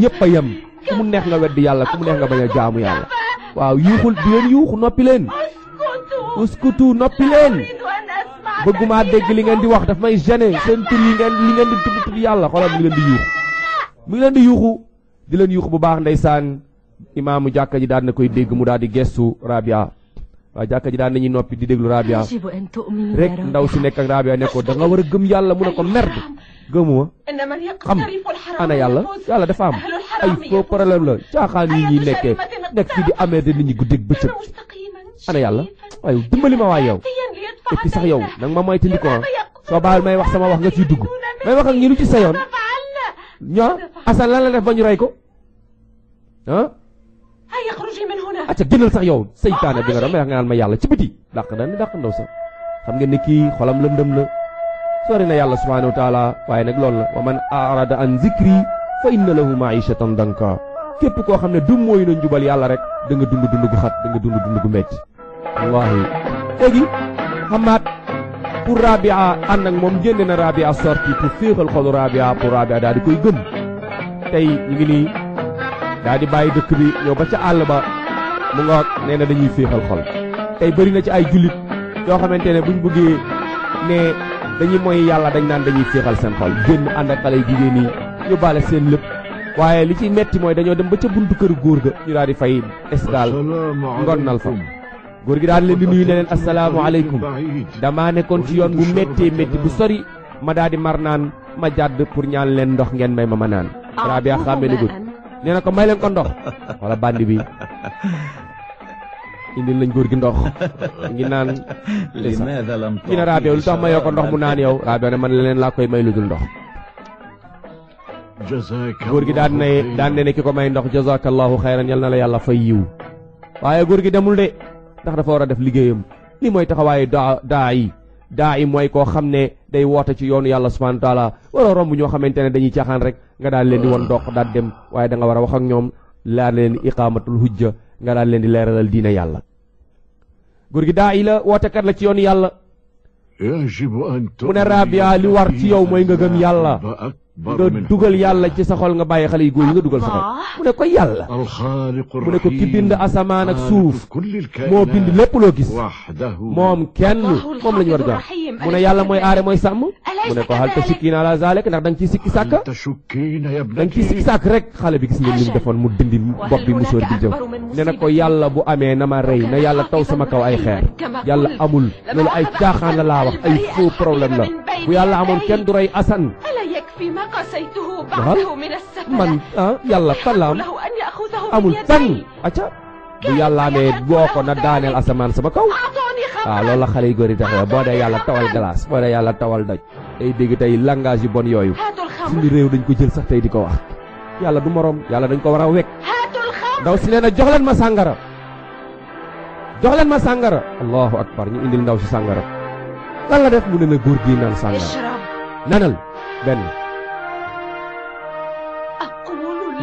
ñëpp a
yem ku mu neex nga weddi yàlla ku mu neex nga bañ jaamu yàlla
waaw yuuxul di leen yuuxu noppi leen
uskutu noppi leen
bëggumaa dégg li ngeen di wax daf
may gene seen tur yi ngeen li ngeen di tudd tudd yàlla xoolal mi ngi leen di yuuxu mi ngi leen di yuuxu di leen yuuxu bu baax ndeysaan imaamu jàkka ji daan na koy dégg mu daal di gestu Rabia waaw jàkka ji daan nañuy noppi di déglu Rabia rek ndaw si nekk ak Rabia ne ko da nga war a gëm yàlla mu ne ko merde gëmuma
xam ana yàlla yàlla dafa am ay faux problème la caaxaan yi ñuy nekkee nekk fii di
amee ana yàlla waaye dimbali ma waay yow et sax yow nag ma moytandi ko soo baal may wax sama wax nga ciy dugg may wax ak ñi lu ci sa yoon ñoo Assane lan la def ba ñu rey ko ah. acca génnal sax yow seytaane bi nga doon may wax nga naan ma yàlla ci biti dàq na ne dàq ndaw sax xam ngeen ne kii xolam lëndëm la sori na yàlla subhaanahu wa taala waaye nag loolu la wa man arada an zikri fa inna lahu maishatan danka képp koo xam ne du mooy na njubal yàlla rek da nga dund dund gu xat da nga wallahi léegi xamaat pour Rabia ànd ak moom génne na Rabia sorti pour féexal xolu Rabia pour Rabia daal di koy gëm tey ñu ngi nii daal di bàyyi dëkk bi ñëw ba ca àll ba mu ngoog nee na dañuy féexal xol tey bëri na ci ay jullit yoo xamante ne buñ bëggee ne dañuy mooy yàlla dañ naan dañuy féexal seen xol génn ànd ak xale yu jigéen yi ñu baale seen lépp waaye li ci metti mooy dañoo dem ba ca buntu kër góor ga ñu daal di fay escale ngonnal fa góor gi daal leen di nuyu ne leen asalaamaaleykum damaa nekkoon ci yoon bu méttee métti bu sori ma daal di mar naan ma jàdd pour ñaan leen ndox ngeen may ma ma naan. Rabia xàmme dugut nee na ko may leen ko ndox wala bandi bi indil nañ góor gi ndox ngi naan. [laughs] li ne na Rabia lu tax mayoo ko ndox mu naan yow Rabia ne man leen laa koy may lu dul ndox.
góor gi daan ne daan
ne ne ki ko may ndox jazaakallahu xayran yal na la yàlla fay yiw waaye góor gi ndax dafa war a def liggéeyam li mooy taxawaayu daa daa yi daa yi mooy koo xam ne day woote ci yoonu yàlla subhanahu wa taala waroo romb ñoo xamante ne dañuy caaxaan rek nga daal leen di won dox daal dem waaye da nga war a wax ak ñoom laal leen di iqaamatul hujja nga daal leen di leeralal diina yàlla góor gi daa yi la wootekat la ci yoonu yàlla mu ne rabia li war ci yow mooy nga gëm yàlla nga dugal yàlla ci sa nga bàyyi xale yu góor yi nga dugal sa xol mu ne ko yàlla mu ne ko ki bind asamaan ak suuf moo bind lépp loo gis moom kenn moom la ñu war a jox mu ne yàlla mooy aare mooy sàmm mu ne ko hal tashukkiina alaa zaalika ndax da nga ciy sikki sàkk da nga ciy sikki sàkk rek xale bi gis ngeen li mu defoon mu dindi bopp bi musóor bi jëw ne na ko yàlla bu amee na ma rey na yàlla taw sama kaw ay xeer yàlla amul loolu la laa wax ay faux problème la bu yàlla
ما قسيته man yàlla talaam
amul tan aca bu yàlla amee boo ko na daaneel asamaan sama kaw waaw loolu la xale yu góor yi taxawee boo dee yàlla tawal glace boo dee yàlla tawal doj day dégg tey langage yu bon yooyu suñu réew dañ ko jël sax tey di ko wax yàlla du moroom yàlla dañ ko war a wekk ndaw si nee na jox leen ma sàngara jox ma sàngara allahu akbar ñu indil ndaw si sàngara lan def mu ne góor gi naan sàngara nanal benn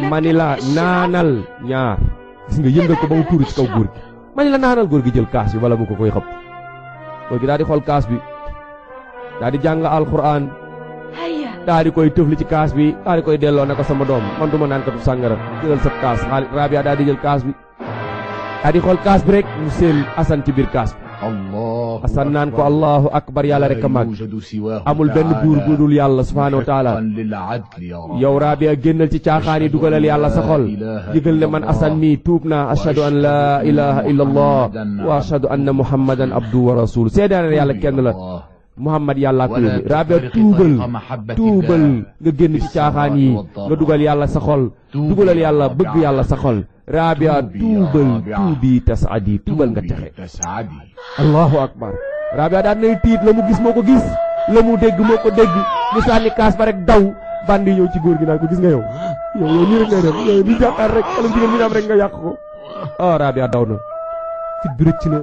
mani la naanal ñaar gis nga yëngal ko ba mu tuuri ci kaw góor gi mani naanal góor gi jël kaas bi wala mu ko koy xëpp góor gi daal di xool kaas bi daal di jàng alxuraan daal di koy tëfli ci kaas bi daal koy delloo na ko sama doom man duma naan katu sàngara jëlal sa kaas xaalis Rabia daal di jël kaas bi daal di xool kaas bi rek mu seen asan ci biir kaas bi asan naan ko allahu yàlla rek a mag amul benn buur bu yàlla subhaanahu wa taala yow raabi a génnal ci caaxaan yi dugalal yàlla sa xol digal man asan mii tuub naa ashhadu an laa ilaha illa allah wa ashhadu anna muhammadan abdu wa rasul seedaanal yàlla kenn la muhammad yàlla ko yóbbi raabi tuubal tuubal nga génn ci caaxaan yi dugal yàlla sa xol dugalal yàlla bëgg yàlla sa xol rabia tuubal tuubi tasadi tuubal nga texe allahu akbar rabia daan nay tiit la mu gis moo ko gis la mu dégg moo ko dégg mu sànni kaas ba rek daw bandi ñëw ci góor gi naan ko gis nga yow yow yow nii rek ngay def nga yàq ko ah rabia daw na fit bi rëcc na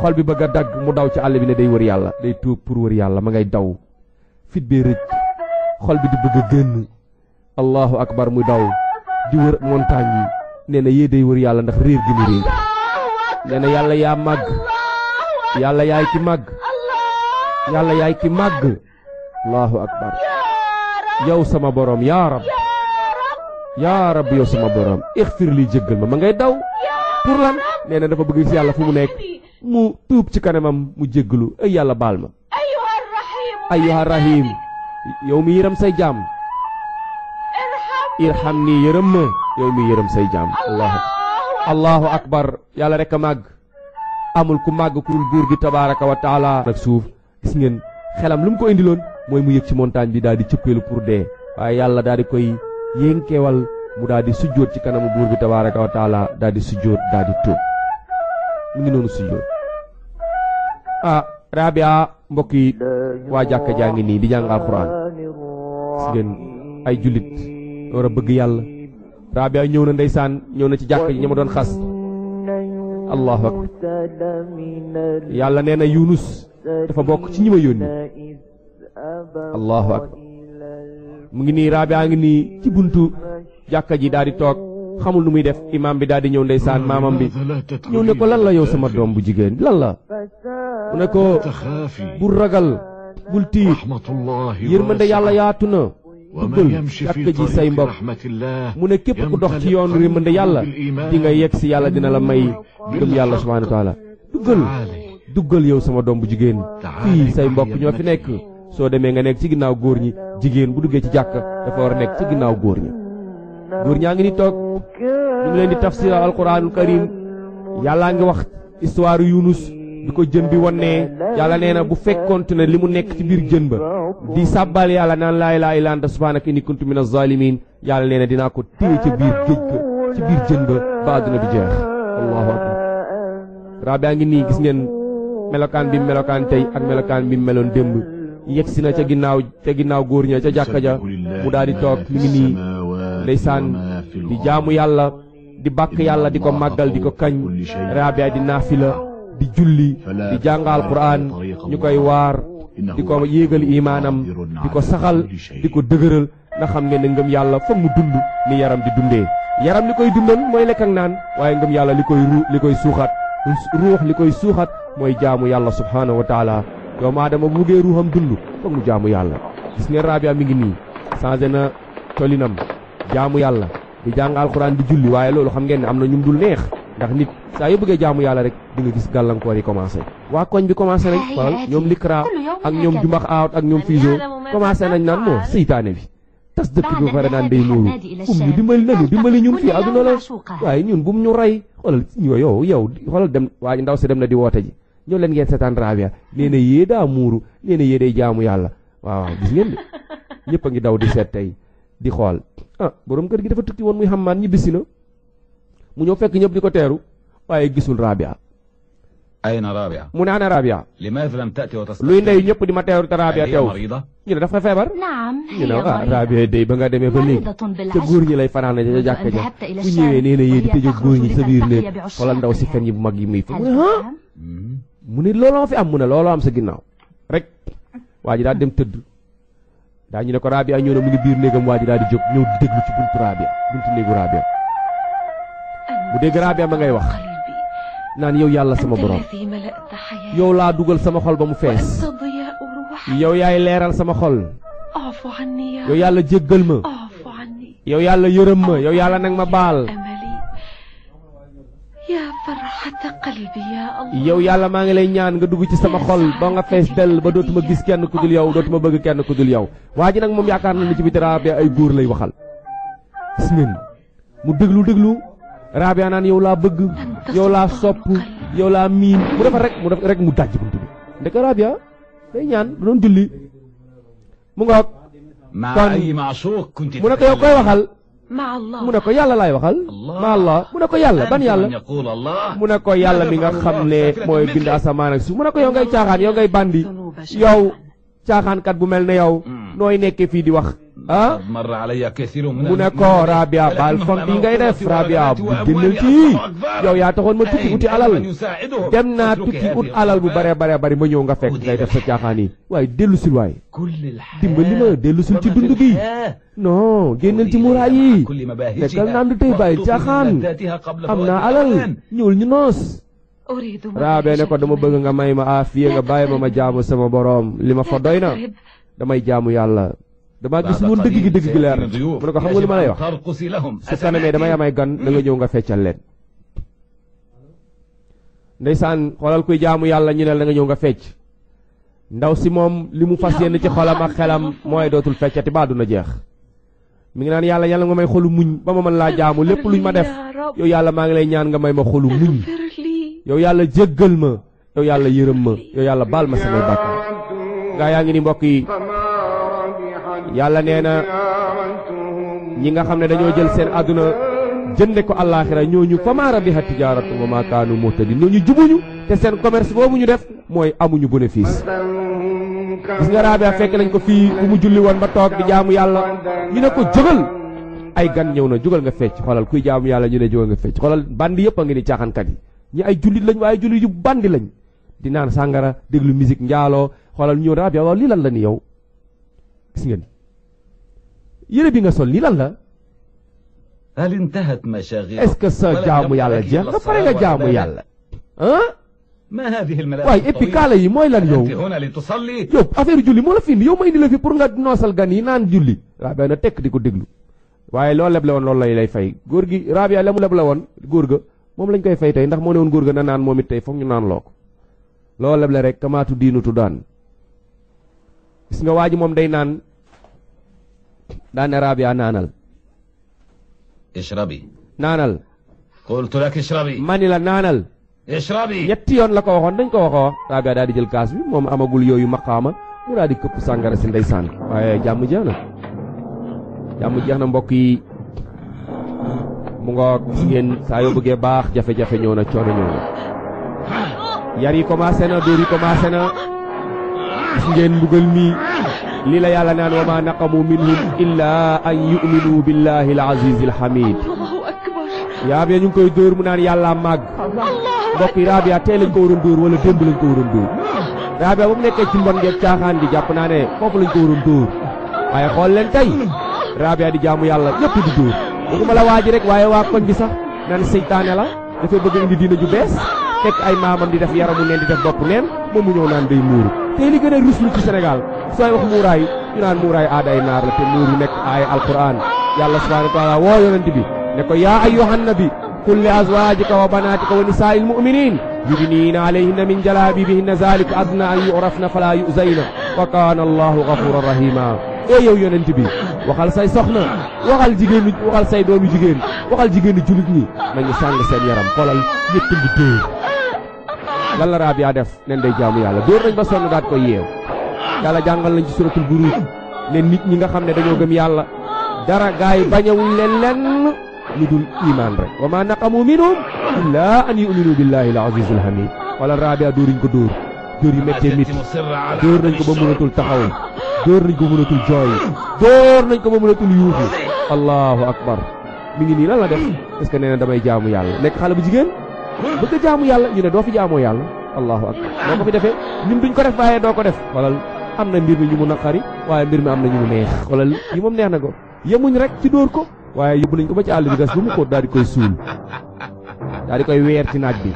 xol bi bëgg a dagg mu daw ci àll bi ne day wër yàlla day tuub pour wër yàlla ma ngay daw fit bee rëcc xol bi di bëgg a génn allahu akbar muy daw di wër montagne yi nee na yee wër yàlla ndax réer gi mu réer nee na yàlla yaa màgg yàlla yaay ki màgg yàlla yaay ki màgg allahu akbar yow sama borom yaa rab yaa rab yow sama borom ixfir li jéggal ma ma ngay daw
pour nee na dafa bëgg si yàlla fu mu nekk
mu tuub ci kanamam mu jéggalu ay yàlla baal ma ayyuha rahim yow mi yërëm say jaam irham nii yërëm ma yooyu mi yërëm say jaam allahu akbar yàlla rek a màgg amul ku màgg ku dul buur gi tabaaraka wa taala nag suuf gis ngeen xelam lu mu ko indiloon mooy mu yëg ci montagne bi daal di cëppeelu pour dee waaye yàlla daal di koy yénkeewal mu daal di sujjóot ci kanamu buur gi tabaaraka wa taala daal di sujjóot daal di mu ngi noonu sujjóot ah rabia mbokk yi waa jàkka jaa ngi nii di jàng gis ngeen ay jullit war a bëgg yàlla Rabia ñëw na ndeysaan ñëw na ci jàkk ji ñi ma doon xas allahu akbar
yàlla nee na Yunus dafa bokk ci ñi ma yónni allahu akbar
mu ngi nii Rabia ngi nii ci buntu jàkka ji daal di toog xamul nu muy def imaam bi daal di ñëw ndeysaan maamam bi ñëw ne ko lan la yow sama doom bu jigéen lan la mu ne ko bul ragal bul tiit yërmande yàlla yaatu na bëggal ji say mbokk mu ne képp ku dox ci yoon yërmande yàlla di nga yegg si yàlla dina la may gëm yàlla subhaanahu wa taala duggal duggal yow sama doom bu jigéen fii say mbokk ñoo fi nekk soo demee nga nekk ci ginnaaw góor ñi jigéen bu duggee ci jàkk dafa war a nekk ci ginnaaw góor ñi góor ñaa ngi ni toog ñu ngi leen di tafsir alquraanul karim yàllaa ngi wax histoire Yunus bi ko jën bi wonnee yàlla nee na bu fekkonte ne li mu nekk ci biir jën ba di sàbbal yàlla naan laa ilaaha illa anta subhaanaka inni kuntu mina zaalimiin yàlla nee na dinaa ko téye ca biir géej ga ci biir jën ba ba àdduna bi jeex allahu ngi nii gis ngeen melokaan bi melokaan tey ak melokaan bi meloon démb yegsi na ca ginnaaw ca ginnaaw góor ña ca jàkka ja mu daal di toog mi ngi nii ndeysaan di jaamu yàlla di bàkk yàlla di ko màggal di ko kañ raabia di naafila di julli di jàngal Qur'an ñu koy waar di ko yéegal imaanam di ko saxal di ko dëgëral nga xam ne ne ngëm yàlla foog mu dund ni yaram di dundee yaram li koy dundal mooy lekk ak naan waaye ngëm yàlla li koy ru li koy suuxat ruux li koy suuxat mooy jaamu yàlla subhaanahu wa taala doomu aadama bu buggee ruuxam dund foog mu jaamu yàlla gis ngeen Rabia mi ngi nii changé na jaamu yàlla di jàng alxuraan di julli waaye loolu xam ngeen am na ñu dul neex ndax nit saa yoo bëggee jaamu yàlla rek di nga gis gàllankoor yi commencé waa koñ bi commencé nañ xoolal ñoom likra ak ñoom jumax aawat ak ñoom fiiso commencé nañ naan moo seytaane bi tas dëkk bi fare naan day muuru um ñu dimbali nanu dimbali ñun fii àdduna la waaye ñun bu mu ñu rey yow yow xoolal dem waa ndaw si dem na di woote ji ñoo leen ngeen seetaan rabia nee na yée daa muuru nee na yée day jaamu yàlla waaw gis ngeen de ñëpp a ngi daw di seet tey di xool ah borom kër gi dafa tukki xam maan ñibbisi mu ñëw fekk ñëpp di ko teeru waaye gisul Rabia. ayna Rabia. mu ne ana Rabia.
limaada lam taati wa tastasqi. luy
ndey ñëpp di ma teeru te Rabia teew. ñu ne dafa feebar.
naam
ñu ne ah
Rabia day ba nga demee ba léegi. te góor ñi lay fanaan ne ca jàkka ja. ku ñëwee nee na yéen di tëjee góor ñi sa biir néeg xoolal ndaw si fen yi bu mag yi muy fi. mu ne looloo fi am mu ne looloo am sa ginnaaw rek waa ji daal dem tëdd. daa ne ko Rabia ñëw na mu ngi biir néegam waa ji daal di jóg ñëw déglu ci buntu Rabia bu dee garaabe ma ngay wax naan yow yàlla sama borom yow laa dugal sama xol ba mu fees
yow yaay leeral sama xol yow yàlla jéggal ma
yow yàlla yërëm ma yow yàlla nag ma baal yow yàlla maa ngi lay ñaan nga dugg ci sama xol ba nga fees dell ba dootuma gis kenn ku dul yow dootuma bëgg kenn ku dul yow waa ji nag moom yaakaar na ni ci bi garaabe ay góor lay waxal. bismillah mu déglu déglu. Rabia naan yow laa bëgg yow laa sopp yow laa miin mu defar rek mu def rek mu daj buntu bi ndeke Rabia day ñaan da doon julli mu ngoog kon mu ne ko yow koy waxal mu ne ko yàlla laay waxal ma allah mu ne ko yàlla ban yàlla
mu ne ko yàlla mi nga xam ne mooy
bind asamaan ak mu ne ko yow ngay caaxaan yow ngay bandi yow caaxaankat bu mel ne yow. Hmm. nooy nekkee fii di wax. ah
mu ne ko
Rabia baal fam bi ngay def Rabia bu génnal kii yow yaa taxoon ma tukki uti alal dem naa tukki ut alal bu bare bare bari ma ñëw nga fekk ngay def sa caaxaan yi waaye dellu sil waaye dimbali ma dellu sil ci dund gi non génnal ci muraay yi fekkal naan du tey bàyyi caaxaan am naa alal ñëwul ñu noos raabe ne ko dama bëgg nga may ma aafiya nga bàyyi ma ma jaamu sama boroom li ma fa doy na damay jaamu yàlla damaa gis woon dëgg gi dëgg gi leer mu ne ko xam nga li ma lay wax su kanamee damay amay gan da nga ñëw nga feccal leen ndeysaan xoolal kuy jaamu yàlla ñu ne da nga ñëw nga fecc ndaw si moom li mu fas yéene ci xolam ak xelam mooy dootul feccati ba duna jeex mi ngi naan yàlla yàlla nga may xolu muñ ba ma mën laa jaamu lépp lu ma def maa ngi lay ñaan nga ma xolu yow yàlla jéggal ma yow yàlla yërëm ma yow yàlla baal ma samay yaa ngi mbokk yi yàlla nee na ñi nga xam ne dañoo jël seen àdduna jënde ko allaaxira ñu fa maa rabihat tijaaratu wa maa kaanu muhtadin ñooñu jubuñu te seen commerce boobu ñu def mooy amuñu bénéfice gis nga Rabia fekk nañ ko fii bu mu julli woon ba toog di jaamu yàlla ñu ne ko jógal ay gan ñëw na jógal nga fecc xoolal kuy jaamu yàlla ñu ne jógal nga fecc xoolal bandi yëpp a ngi ni caaxaankat yi ñi ay jullit lañ waaye jullit yu bandi lañ di naan sàngara déglu musique njaaloo xoolal ñëw rab yow waaw lii lan la ni yow gis ngeen yére bi nga sol lii lan la
est-ce que sa jaamu yàlla ja nga pare nga jaamu yàlla ah waaye et puis kaala yi
mooy lan yow yow affaire julli moo la fi indi ma indi fi pour nga noosal gan yi naan julli rabia na tekk di ko déglu waaye loo leble woon loolu lay lay fay góor gi rabia la mu leble woon góor ga moom lañ koy fay tey ndax moo ne woon nguur ga na naan moom it tey foog ñu naan loo ko loo leble rek kamaatu diinutu daan gis nga waa moom day naan daane Rabia naanal. ishrabi. naanal. qultu lak naanal. ishrabi. yoon la ko waxoon dañ ko wax Rabia daal di jël kaas bi moom amagul yooyu maqaama mu daal di këpp sàngara si ndeysaan waaye jàmm jeex na jàmm jeex na mbokk yi. mu ngoog jigéen saa yoo bëggee baax jafe-jafe ñëw na coono ñëw yar yi commencé na dóor yi commencé na gis ngeen mbugal mi lii la yàlla naan wa ma naqamu minhum illa an yu'minu billahi al-aziz al-hamid yaa ñu koy dóor mu naan yàlla màgg mbokk yi Rabia tey lañ ko waroon dóor wala démb lañ ko waroon dóor Rabia ba mu nekkee ci mbon caaxaan di jàpp naa ne foofu lañ ko waroon dóor waaye xool leen tey Rabia di jaamu yàlla ñëpp di dóor waxuma la a ji rek waaye waa koñ bi sax naan seytaane la dafay bëgg indi diina ju bees ay maamam di def yaramu neen di def bopp neen moom mu ñëw naan day muuru tey li gën a ruslu ci Sénégal sooy wax muuraayu ñu naan muuraayu aada ay naar la te muur nekk aaya alquran yàlla subhanahu wa taala woo yonent ne ko yaa ayyuhan nabi qul li wa banaatika wa nisaa'il mu'miniin yudniina alayhinna min jalaabiibihinna zaalika adnaa an yu'rafna falaa yu'zayna wa kaana allahu waxal jigéen ñi waxal say doomi jigéen waxal jigéen ñi jullit ñi nañu sàng seen yaram xoolal ñëpp ngi dóor lan la Rabia def nen day jaamu yàlla dóor nañ ba sonn daat koy yeew yàlla jàngal nañ ci suratul buruuj ne nit ñi nga xam ne dañoo gëm yàlla dara gaay bañawuñ leen lenn lu dul imaan rek wa ma naqamu minhum illa an la billahi al azizul hamid xoolal Rabia dóoriñ ko dóor dóor yi méttee mit dóor nañ ko ba mënatul taxawul dóor nañ ko mënatul jooy dóor nañ ko ba mënatul yuuxu allahu akbar mi ngi nii lan la def est ce que nee na damay jaamu yàlla nekk xale bu jigéen bëgg a jaamu yàlla ñu ne doo fi jaamoo yàlla allahu akbar doo ko fi defee ñun duñ ko def waaye doo ko def walal am na mbir mi ñu mu naqari waaye mbir mi am na ñu mu neex walal yi moom neex na ko yemuñ rek ci dóor ko waaye yóbbu nañ ko ba ci àll bi gas bu mu ko daal di koy suul daal di koy weer ci naaj bi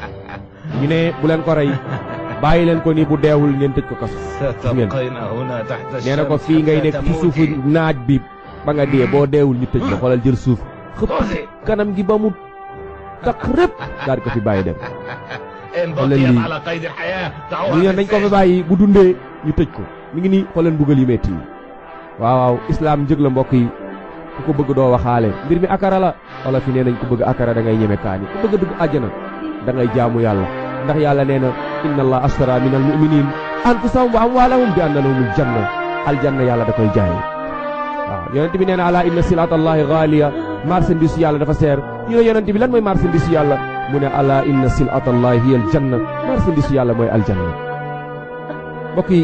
bàyyi leen ko ni bu deewul ngeen tëj ko kaso
nee na ko fii ngay nekk ci suufu
naaj bi ba nga dee boo deewul ñu tëj la xoolal jël suuf xëpp kanam gi ba mu takk rëpp daal ko fi bàyyi dem [laughs] xoolal lii ñu ñeen dañ ko fi bàyyi bu dundee ñu tëj ko mi ngi nii xoolal mbugal yi metti yi waaw islaam njëg la mbokk yi ku ko bëgg doo waxaale mbir mi akara la wala fi nee nañ ku bëgg akara da ngay ñeme kaani ku bëgg dugg àjjana da jaamu yàlla ndax yàlla nee na inna allah astara min al muminin anfusahum wa amwalahum bi anna lahumul janna aljanna yàlla da koy jaay waaw yonent bi nee na ala inna silaat allahi gaaliya marchandise yàlla dafa seer ñu ne yonent bi lan mooy marchandise yàlla mu ne ala inna silaat allahi hiya aljanna marchandise yàlla mooy aljanna mbokk yi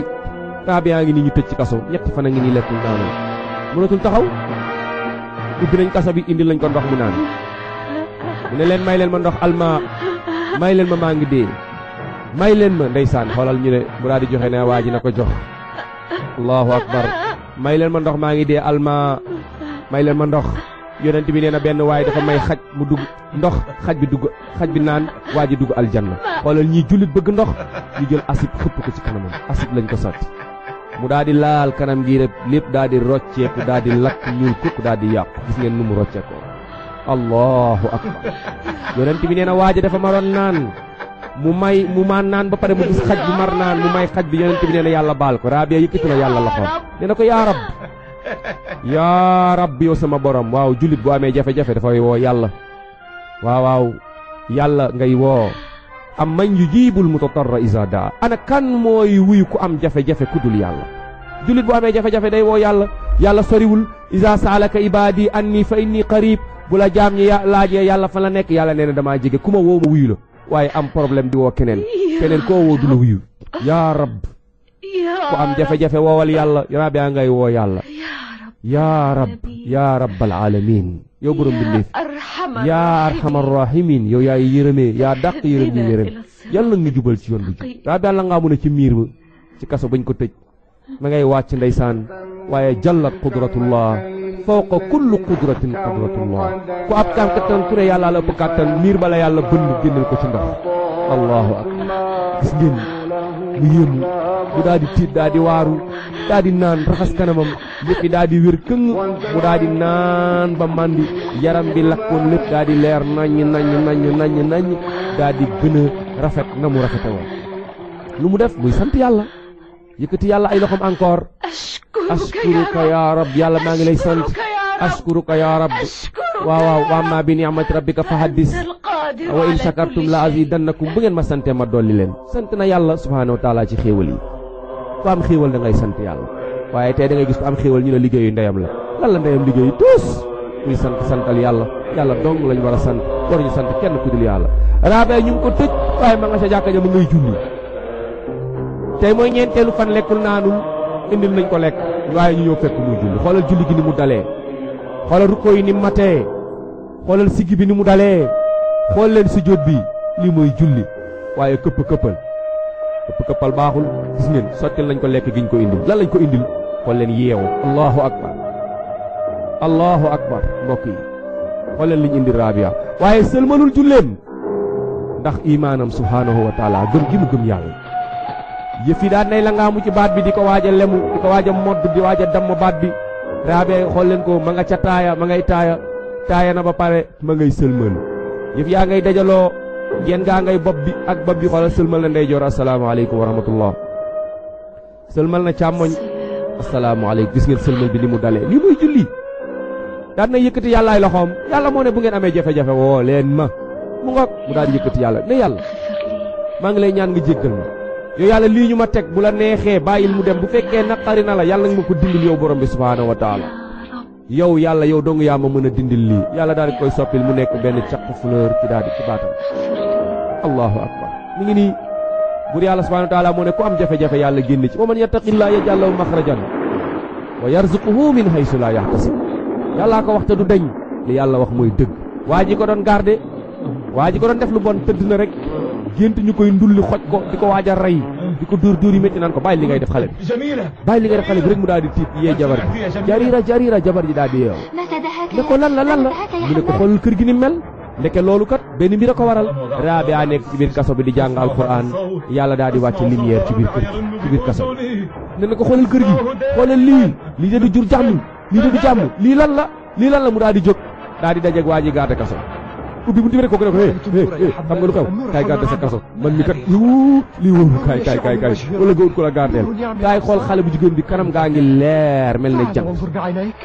taabiyaa ngi nii ñu tëj ci kaso ñetti fa na ngi nii lekkul naanu mënatul taxaw ubbi nañ kaso bi indi lañ ko ndox mu naan may leen ma maa ngi dee may leen ma ndeysaan xoolal ñu ne mu daal di joxe ne waa ji na ko jox allahu akbar may leen ma ndox maa ngi dee alma may leen ma ndox yonent bi nee na benn waaye dafa may xaj mu dugg ndox xaj bi dugg xaj bi naan waa ji dugg aljanna xoolal ñii jullit bëgg ndox ñu jël asib xëpp ko ci kanamam asib lañ ko sotti mu daal di laal kanam gi rek lépp daal di rocceeku daal di lakk ñuul kukk daal di yàqu gis ngeen nu mu rocceekoo allahu akbar yonent bi nee na waaja dafa maroon naan mu may mu maan naan ba pare mu gis xaj bi mar naan mu may xaj bi yonent bi nee na yàlla baal ko Rabia yëkkati na yàlla loxoom nee na ko yaa rab yaa rab yow sama borom waaw jullit bu amee jafe-jafe dafay woo yàlla waaw waaw yàlla ngay woo am man yu jiibul mutatarra isa daa ana kan mooy wuyu ku am jafe-jafe ku yàlla jullit bu amee jafe-jafe day woo yàlla yàlla soriwul isa saalaka ibaadi anni bu la jaam ñi laajee yàlla fa la nekk yàlla nee na damaa jege ku ma woo ma wuyu la waaye am problème di woo keneen keneen koo woo du la wuyu yaa rab
ku am jafe-jafe
woowal yàlla rab ngay woo yàlla yaa rab yaa rabbal alamin yow borom bindeef yaa arhamar rahimin yow yaay yërëmee yaa dàq yërëm ñu yërëm yàlla nga jubal ci yoon bi jub rab yàlla ngaa mun a ci miir ba ci kaso bañ ko tëj ma ngay wàcc ndeysaan waaye jallat qudratullah fawqa kulli qudratin qudratullah ku ab kànk tan ture yàlla la ëpp kàttan miir bala yàlla bënn génneel ko ci ndox allahu akbar gis ngeen mu yéemu mu daal di tiit daal waaru daal naan raxas kanamam yëpp daal wér këng mu daal naan ba màndi yaram bi lakkoon lépp daal leer naññ naññ naññ naññ naññ daal a rafet na mu rafete woon lu mu def muy sant yàlla yëkkati yàlla ay loxoom encore ashkuruka ya rab yàlla maa ngi lay sant ashkuruka ya rab waaw waaw wa amma bi ni'mati rabbika fa haddis
wa in shakartum la yi dan
na azidannakum bu ngeen ma sante ma dolli leen sant na yàlla subhaanahu wa taala ci xéewal yi ku am xéewal da sant yàlla waaye tey da gis ku am xéewal ñu la liggéeyu ndeyam la lan la ndeyam liggéeyu tuus muy sant santal yàlla yàlla dong lañ war a sant waruñu sant kenn ku yàlla raabee sa jàkka ja tey mooy ñeenteelu fan lekkul naanul indil nañ ko lekk waaye ñu ñëw fekk muy julli xoolal julli gi ni mu dalee xoolal rukkoo yi ni mu matee xoolal siggi bi ni mu dalee xool leen si jóot bi lii mooy julli waaye këpp këppal këpp këppal baaxul gis ngeen sottil nañ ko lekk giñ ko indil lan lañ ko indil xool leen yeewu allahu akbar allahu akbar mbokk yi xool leen liñ indil Rabia waaye sëlmalul julleem ndax imaanam subhaanahu wa gëm gi mu gëm yàlla yëf yi daan nay langaamu ci baat bi di ko waaja a lemu di ko waaja modd di waaj damm baat bi raabe xool leen ko ma nga ca taaya ma ngay taaya taaya na ba pare ma ngay sëlmal yëf yaa ngay dajaloo geen gaa ngay bopp bi ak bopp bi xoolal sëlmal na ndeyjoor asalaamaaleykum wa rahmatullah sëlmal na càmmoñ asalaamaaleykum gis ngeen sëlmal bi ni mu dalee ni muy julli daan na yëkkati yàllaay loxoom yàlla moo ne bu ngeen amee jafe-jafe woo leen ma mu ngi lay ñaan ma yow yàlla lii ñu ma teg bu la neexee bàyyil mu dem bu fekkee naqari na la yàlla nga ma ko dindil yow borom bi subhaanahu wa yow yàlla yow dong yaa ma mën a dindil lii yàlla daal di koy soppil mu nekk benn caq fleur ci daal di ci baatam allahu akbar mi ngi nii buur yàlla subhaanahu wa taala moo ne ku am jafe-jafe yàlla génn ci wa man yattaqillaa yaj'al lahu maxrajan wa yarzuquhu min haysu laa yaxtasib yàllaa ko wax te du deñ li yàlla wax mooy dëgg waa ji ko doon rek gént ñu koy ndulli xoj ko di ko waaj a rey di ko dóor dóor yi métti naan ko bàyyi li ngay def xale bi bàyyi li ngay def xale bi rek mu daal di tiit yee jabar ji jarira jarira jabar ji daal di yeew
ne ko lan la lan la mu ne ko
xoolal kër gi ni mel ndeke loolu kat benn bi a ko waral raabi a nekk ci biir kaso bi di jàng alquran yàlla daa di wàcc lumière ci biir kër ci biir kaso bi ne ne ko xoolal kër gi xoolal lii lii de du jur jàmm lii de du jàmm lii lan la lii lan la mu daal di jóg daal di dajeeg waa ji gaata kaso ubbi buntu bi rek kooku ne ko eh eh xam nga lu xew kaay garde sa kaso man mi kat yu lii kaay kaay kaay kaay nga ut ko gardeel kaay xool xale bu jigéen bi kanam gaa ngi leer mel na jàng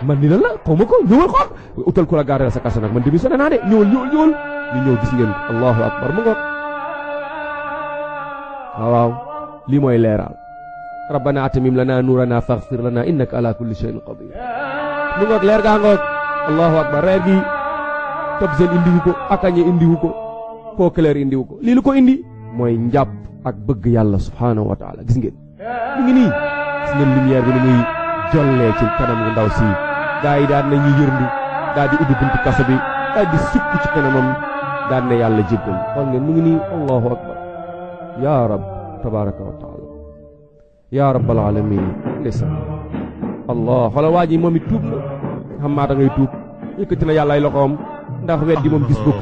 man ni lan la xaw ma ko ñëwal xool utal ko la gardeel sa kaso nag man démissionné naa de ñëwal ñëwal ñëwal ñu ñëw gis ngeen allahu akbar mu ngoog waaw waaw lii mooy leeral rabbana atamim lana nuurana faghfir lana innaka ala kulli shay'in qadir mu ngoog leer gaa ngoog allahu tobsel indiwu ko akañe indiwu ko Poclair indiwu ko lii lu ko indi mooy njàpp ak bëgg yàlla subhaanahu wa taala gis ngeen mu ngi nii gis ngeen lumière bi ni muy jollee ci kanam gu ndaw sii gaa yi daan nañuy yërndu daal di ubbi buntu kaso bi daal di sukk ci kanamam daan ne yàlla jéggal xool ngeen mu ngi nii allahu akbar yaa rab tabaraka wa taala yaa rabbal alamin ndeysaan allah xoolal waa ji moom it tuub na xam maa da ngay tuub yëkkati na yàllaay ndax wet gi moom gis bukk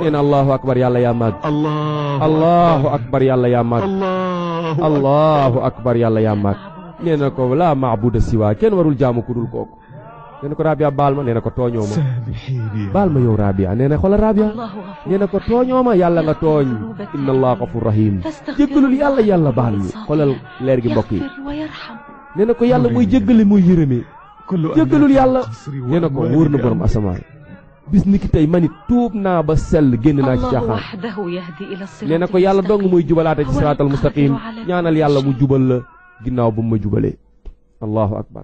nee na allahu akbar yàlla yaa màgg allahu akbar yàlla yaa màgg allahu akbar yàlla yaa màgg nee na ko laa maabuda siwaa kenn warul jaamu ku dul kooku nee na ko Rabia baal ma nee na ko tooñoo ma baal ma yow Rabia nee na xoolal Rabia nee na ko tooñoo ma yàlla nga tooñ inna allah gafur rahim jéggalul yàlla yàlla baal ñu xoolal leer gi mbokk yi nee ko yàlla muy jéggale muy yërëme jéggalul yàlla nee na ko wóor na borom asamaan bis ni tey ma ni tuub naa ba sell génn naa ci caaxaan nee na ko yàlla dong mooy jubalaate ci siraatal mustaqim ñaanal yàlla mu jubal la ginnaaw bu mu ma jubalee allahu akbar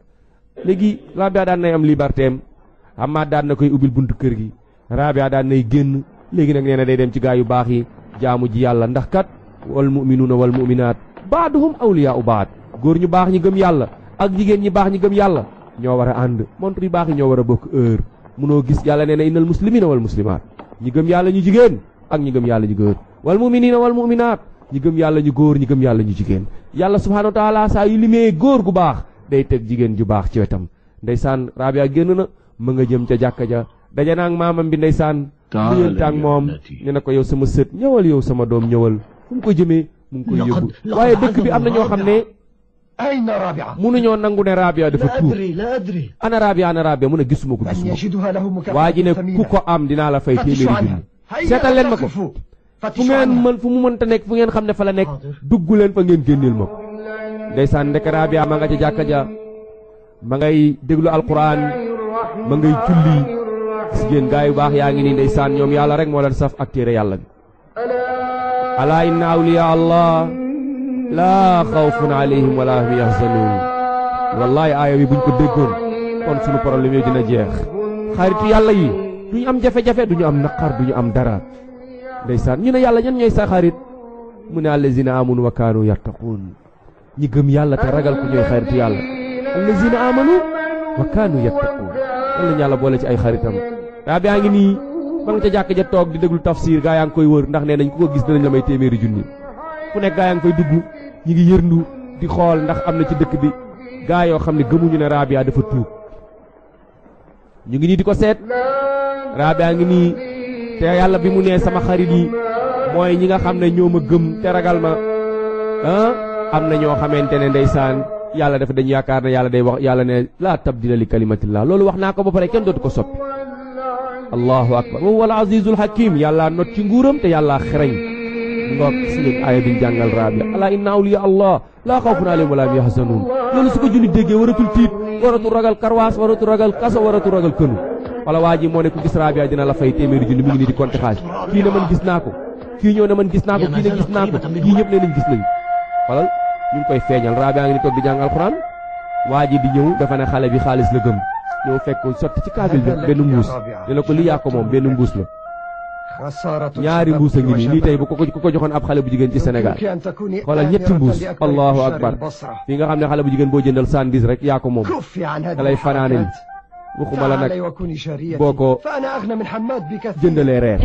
léegi Rabia daan nay am liberté am Amath daan na koy ubbil buntu kër gi Rabia daan nay génn léegi nag nee na day dem ci gaa yu baax yi jaamu ji yàlla ndax kat wal muminuuna wal muminaat baaduhum awliyaa u baad góor ñu baax ñi gëm yàlla ak jigéen ñi baax ñi gëm yàlla ñoo war a ànd montre yu baax yi war a bokk heure mënoo gis yàlla nee na innal muslimina wal muslimaat ñi gëm yàlla ñu jigéen ak ñi gëm yàlla ñu góor wal muminina wal muminaat ñi gëm yàlla ñu góor ñi gëm yàlla ñu jigéen yàlla subhaanahu wa taala saa yu limee góor gu baax day teg jigéen ju baax ci wetam ndeysaan Rabia génn na mu nga jëm ca jàkka ja daje naa maamam bi ndeysaan mu yénte ak moom ne na ko yow sama sët ñëwal yow sama doom ñëwal fu mu ko jëmee mu ngi koy yóbbu waaye dëkk bi am أين رابعة؟ mënuñoo nangu ne Rabia dafa tuur. la adri ana Rabia ana Rabia mu ne gisuma ko gisuma
ko. waa ji ne ku ko am dinaa la fay téeméeri junni. seetal ma ko fu
ngeen mën fu mu mënta nekk fu ngeen xam ne fa la nekk dugg leen fa ngeen génneel ma ko. ndeysaan ndek Rabia ma nga ca jàkka ja ma ngay déglu alquran ma ngay julli gis ngeen gaa yu baax yaa ngi nii ndeysaan ñoom yàlla rek moo leen saf ak téere yàlla bi. ala inna awliya allah. laa xawfun alayhim wala hum yaxzanuun wallaay aaya bi buñ ko déggoon kon suñu problème yi dina jeex xaritu yàlla yi duñu am jafe-jafe ñu am naqar ñu am dara ndeysaan ñu ne yàlla ñan ñooy sa xarit mu ne allazina amanu wa kaanu yattaquun ñi gëm yàlla te ragal ko ñooy xaritu yàlla allazina amanu wa kaanu yattaquun yàlla yàlla boole ci ay xaritam daa bi yaa ngi nii ba nga ca jàkk ja toog di déglu tafsir gaa yaa ngi koy wër ndax nee nañ gis dinañ la téeméeri junni ñi ngi yërndu di xool ndax am na ci dëkk bi gaa yoo xam ne gëmuñu ne Rabia dafa tuub ñu ngi nii di ko seet Rabia ngi nii te yàlla bi mu nee sama xarit yi mooy ñi nga xam ne ñoo ma gëm te ragal ma ah, am na ñoo xamante ne ndeysaan yàlla dafa dañu yaakaar ne yàlla day wax yàlla ne laa tabdila li kalimatillah loolu wax naa ko ba pare kenn dootu ko soppi allahu akbar wa huwa al azizul yàlla not ci nguuram te yàlla xereñ ngoog si leen aaya biñ jàngal raabi alaa inna awliya allah laa xawfun alayhim wa laa hum yaxzanuun loolu su ko junni déggee waratul tiit waratul ragal karwaas waratul ragal kaso waratul ragal kënu wala waa ji moo ne ku gis raabi dina la fay téeméeri junni mi ngi nii di compter xaalis kii ne man gis naa ko kii ñëw ne man gis naa ko kii ñëpp ne nañ ñu ngi koy feeñal raabi a ngi ni toog di jàng alxuraan waa ji di ñëw dafa ne xale bi xaalis la gëm ñëw fekk sotti ci kaabil ko li yaa ko moom benn mbuus ñaari mbuus a ngi nii lii tey bu ko ko joxoon ab xale bu jigéen ci Sénégal
xoolal ñetti mbuus allahu akbar
fii nga xam ne xale bu jigéen boo jëndal sandis rek yaa ko moom da lay fanaane waxuma la nag boo ko jëndalee reer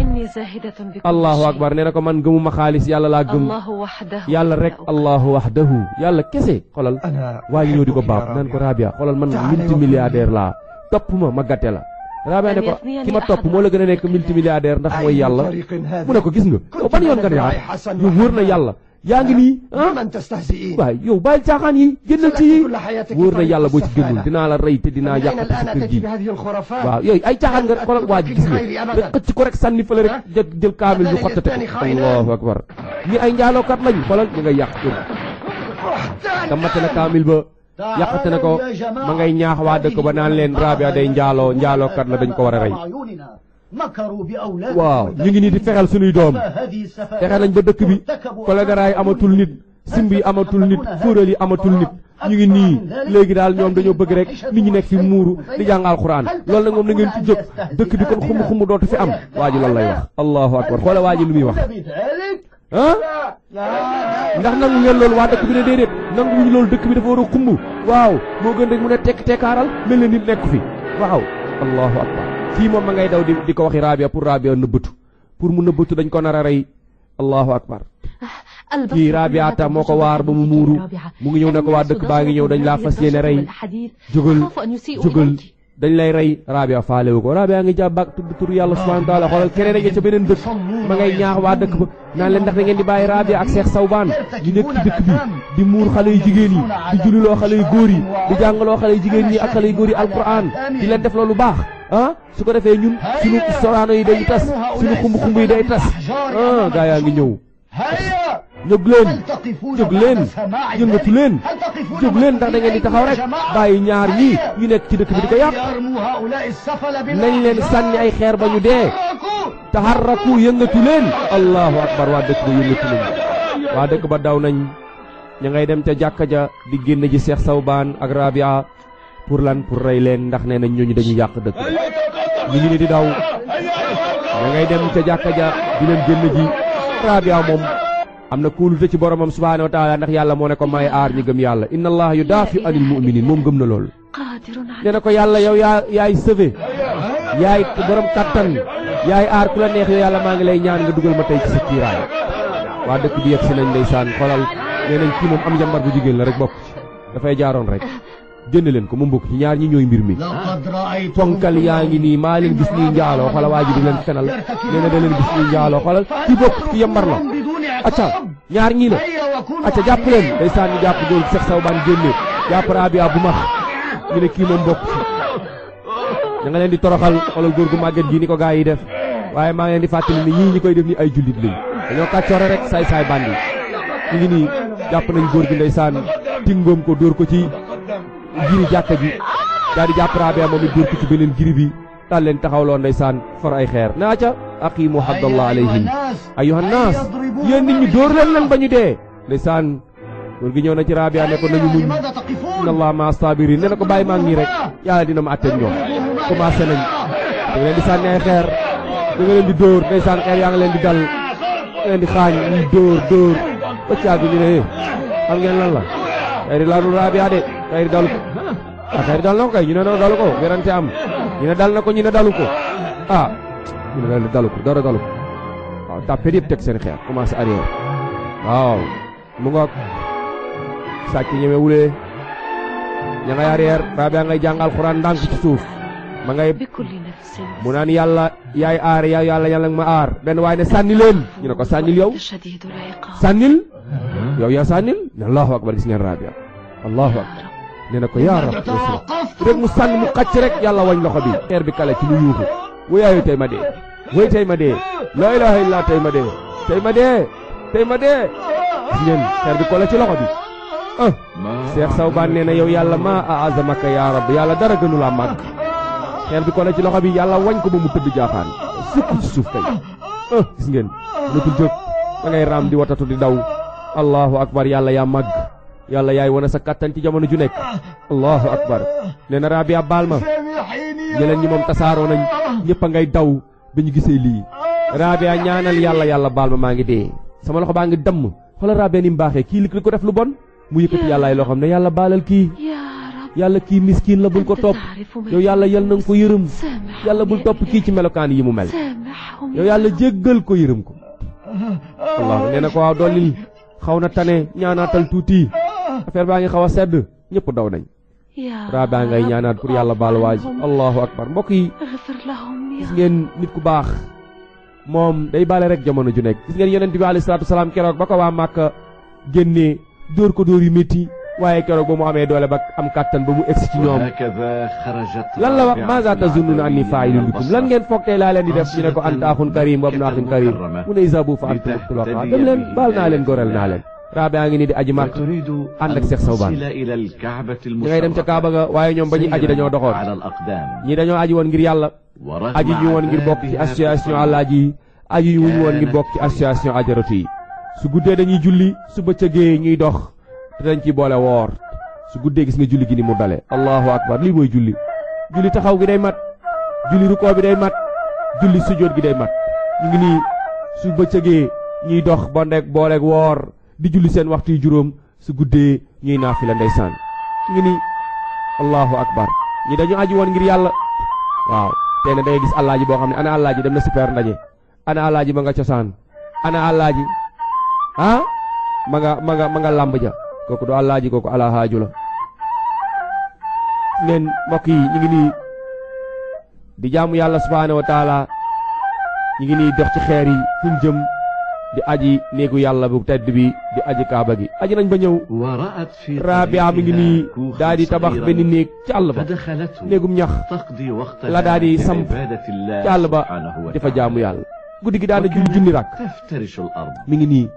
allahu akbar
ne na ko man gëmuma xaalis yàlla laa gëm yàlla rek allahu wahdahu yàlla kese xoolal waa ngi di ko baab naan ko Rabia xoolal man multimilliardaire laa topp ma ma gàtte la Rabia ne ko ki ma topp moo la gën a nekk multimilliardaire ndax mooy yàlla mu a ko gis nga yow ban yoon nga neexaat ah, ñu wóor na yàlla yaa ngi nii
ah
waaye
yow bàyyi caaxaan yi
génnal ci yi wóor na yàlla boo ci génnul dinaa
la rey te dinaa yàq sa kër gi
waaw yooyu ay caaxaan nga xoolal waa ji gis nga rek xëcc
ko rek sànni fële rek jël jël kaamil ñu xottate ko allahu akbar ñi ay njaalookat lañ xoolal ñu nga yàq kër ga mate na kaamil ba yàqate na ko ma ngay ñaax waa dëkk ba naan leen Rabia day njaaloo njaalookat la dañ ko war a rey
waaw ñu ngi nii di fexeel suñuy doom fexe nañ ba dëkk bi
yi amatul nit simb yi amatul nit fóoral yi amatul nit ñu ngi nii léegi daal ñoom dañoo bëgg rek nit ñu nekk fi muuru di jàng alxuraan loolu nag moom na ngeen dëkk bi kon xumu xumu dootu fi am waa ji lool lay wax allahu akbar xoola waa ji lu muy wax
ah ndax nangu
ngeen loolu waa dëkk bi ne déedéet nangu wuñu loolu dëkk bi dafa war a waaw moo gën rek mu ne tekk tekkaaral mel na nit nekku fi waaw allahu akbar kii moom ma ngay daw di ko waxi Rabia pour Rabia nëbbatu pour mu nëbbatu dañ ko nar a rey allahu akbar kii Rabia moo ko waar ba mu muuru mu ngi ñëw ne ko waa dëkk baa ngi ñëw dañ laa fas yéene rey
jógal jógal
dañu lay rey Rabia faale wu ko Rabia ngi jàpp baag tudd tur yàlla subhanahu wa taala xoolal keneen a ngi ca beneen dëkk ma ngay ñaax waa dëkk ba naan leen ndax da ngeen di bàyyi Rabia ak Cheikh Sawbaan di nekk ci dëkk bi di muur xale yu jigéen yi di julliloo xale yu góor yi di jàngaloo xale yu jigéen yi ak xale yu góor yi alquran di leen def lu baax ah su ko defee ñun suñu soraano yi day tas suñu xumb xumb yi day tas ah gaa yaa ngi ñëw
jóg leen jóg leen yëngatu leen leen ndax da di taxaw rek bàyyi ñaar ñii ñu nekk ci dëkk bi di ko yàq nañ sànni ay xeer ba ñu dee
taxarraku yëngatu leen allahu akbar waa dëkk ba yëngatu waa dëkk ba daw nañ ña ngay dem ca jàkka ja di génn ci Seex Sawbaan ak Rabia pour lan pour rey leen ndax nee nañ ñooñu dañu yàq dëkk ñu ngi ni di daw ña ngay dem ca jàkka ja di leen génn ji Rabia moom am na kóolute ci boromam subhaanahu wa taala ndax yàlla moo ne ko may aar ñi gëm yàlla inna allaha yudaafi anil mu'minin moom gëm na loolu nee na ko yàlla yow yaa yaay sëve yaay borom kattan yaay aar ku la neex yow yàlla maa ngi lay ñaan nga dugal ma tey ci sa waa dëkk bi yegg si nañ ndeysaan xoolal nee nañ moom am njambar bu jigéen la rek bokk ci dafay jaaroon rek génn leen ko mu mbokk ci ñaar ñi ñooy mbir mi ponkal yaa ngi nii maa leen gis waa ji di leen fenal nee na da acca ñaar ñii la acca jàpp leen ndeysaan ñu jàpp góor gi Cheikh Sawbaan génne jàpp Rabia bu max ñu ne kii moom bokk ci da nga leen di toroxal xoolal góor gu màgget gi ni ko gaa yi def waaye maa ngi leen di fàttali ni ñii ñi koy def ni ay jullit lañ dañoo kàccoore rek saay saay bandi ñu ngi nii jàpp nañ góor gi ndeysaan tingoom ko dóor ko ci giri jàkka ji daal jàpp Rabia moom it dóor ko ci beneen giri bi daal leen taxawloo ndeysaan for ay xeer na aqimu haddallah alayhim ayuha nnaas yéen nit ñi dóor leen leen ba dee ndeysaan góor gi ñëw na ci Rabia ne ko nañu muñ inna allah ma sabirin ne ko bàyyi maa ngi rek yàlla dina ma àtteeg ñoom commencé nañ da nga leen di sànni xeer da leen di dóor ndeysaan xeer yaa ngi leen di dal da leen di xaañ ñuy dóor dóor ba caag ñu ne xam ngeen lan la xeer laalul Rabia de xeer dalu ko ah xeer yi na ko kay ñu ne noonu dalu ko werante am ñu ne dal na ñu ne dalu ko ah. loolu dalu ko dara dalu ko waaw tàppet yëpp teg seen xeer commencé jàngal xuraan suuf ma ngay mu naan yàlla yaay aar yàlla yàlla ma aar benn waaye ne sànnil ñu ne ko sànnil yow sànnil yow yaa sànnil ne allahu akbar gis ngeen rabia allahu akbar nee na ko yaa rab rek mu sànn mu xacc rek yàlla wañ loxo bi xeer bi kale ci lu yuuxu wuyaayu tey ma dee wuy tey ma dee laa ilaaha illaa tey ma dee tey ma dee tey ma dee gis ngeen xeer bi kole ci loxo bi ah saw Sawbaan nee na yow yàlla ma aazamaka yaa rab yàlla dara gënu laa màgg xeer bi kole ci loxo bi yàlla wañ ko ba mu tëdd jaaxaan sukk ci suuf tey ah, gis ngeen mënatul jóg da raam di watatu di daw allahu akbar yàlla yaa màgg yàlla yaay wane sa kàttan ci jamono ju nekk allahu akbar nee na Rabia baal ma ñeneen ñi moom tasaaroo ñëpp a ngay daw bi ñu gisee lii ah, Rabia ñaanal yàlla yàlla baal ma maa ngi dee sama loxo baa ngi damm xoolal Rabia ni mu baaxee kii li ko def lu bon mu yëkkati yàllaay loo ne yàlla baalal kii yàlla kii miskiin la bul ko topp yow yàlla yal na nga ko yërëm yàlla bul topp kii ci melokaan yi mu mel yow yàlla jéggal ko yërëm ko
allah nee na ko waaw dollil
xaw na tane ñaanaatal tuuti ah. affaire baa ngi xaw a sedd ñëpp daw nañ raabaa ngay ñaanaat pour yàlla baal waa ji allahu akbar mbokk yi gis ngeen nit ku baax moom day baale rek jamono ju nekk gis ngeen yonent bi alayhi salaatu keroog ba ko waa Màkka génnee dóor ko dóor yu métti waaye keroog ba mu amee doole ba am kàttan ba mu egsi ci ñoom lan la wax maza tazunnuna anni faa'ilun bikum lan ngeen foog tey laa leen di def ñu ne ko anta axun karim wa ibnu axin karim mu ne isabu fa antum tulaqaa dem leen baal raabia ngi nii di aji màkk ànd ak Seex Sawbaan ngay dem ca Kaaba ga waaye ñoom ba ñuy aji dañoo doxoon ñi dañoo aji woon ngir yàlla aji ñu woon ngir bokk ci association àllaaji yi aji yu ajaratu yi su guddee dañuy julli su bëccëgee ñuy dox te dañ ci boole woor su guddee gis nga julli gi ni mu dale allahu akbar lii mooy julli julli taxaw gi day mat julli rukoo bi day mat julli sujjóot gi day mat ñu ngi nii su bëccëgee ñuy dox ba ndek booleeg woor di julli seen waxtu yu juróom su guddee ñuy naafila ndeysaan ñu ni allahu akbar ñi dañu aji woon ngir yàlla waaw tey nag da gis allaaji boo xam ne ana allaaji dem na super ndaje ana allaaji ma nga cosaan ana allaaji ah ma nga ma nga làmb ja kooku du allaaji kooku alahaaju la neen mbokk yi ñu ngi nii di jaamu yàlla subhaanahu wa taala ñu ngi nii dox ci xeer yi fuñ jëm di aji néegu yàlla bu tedd bi di aji kaaba gi aji nañ ba ñëw rabia mi ngi nii daa di tabax benn néeg ca àll ba néegum ñax
la daa di samp ci àll ba
di fa jaamu yàlla guddi gi daana julli junni rakk mi ngi nii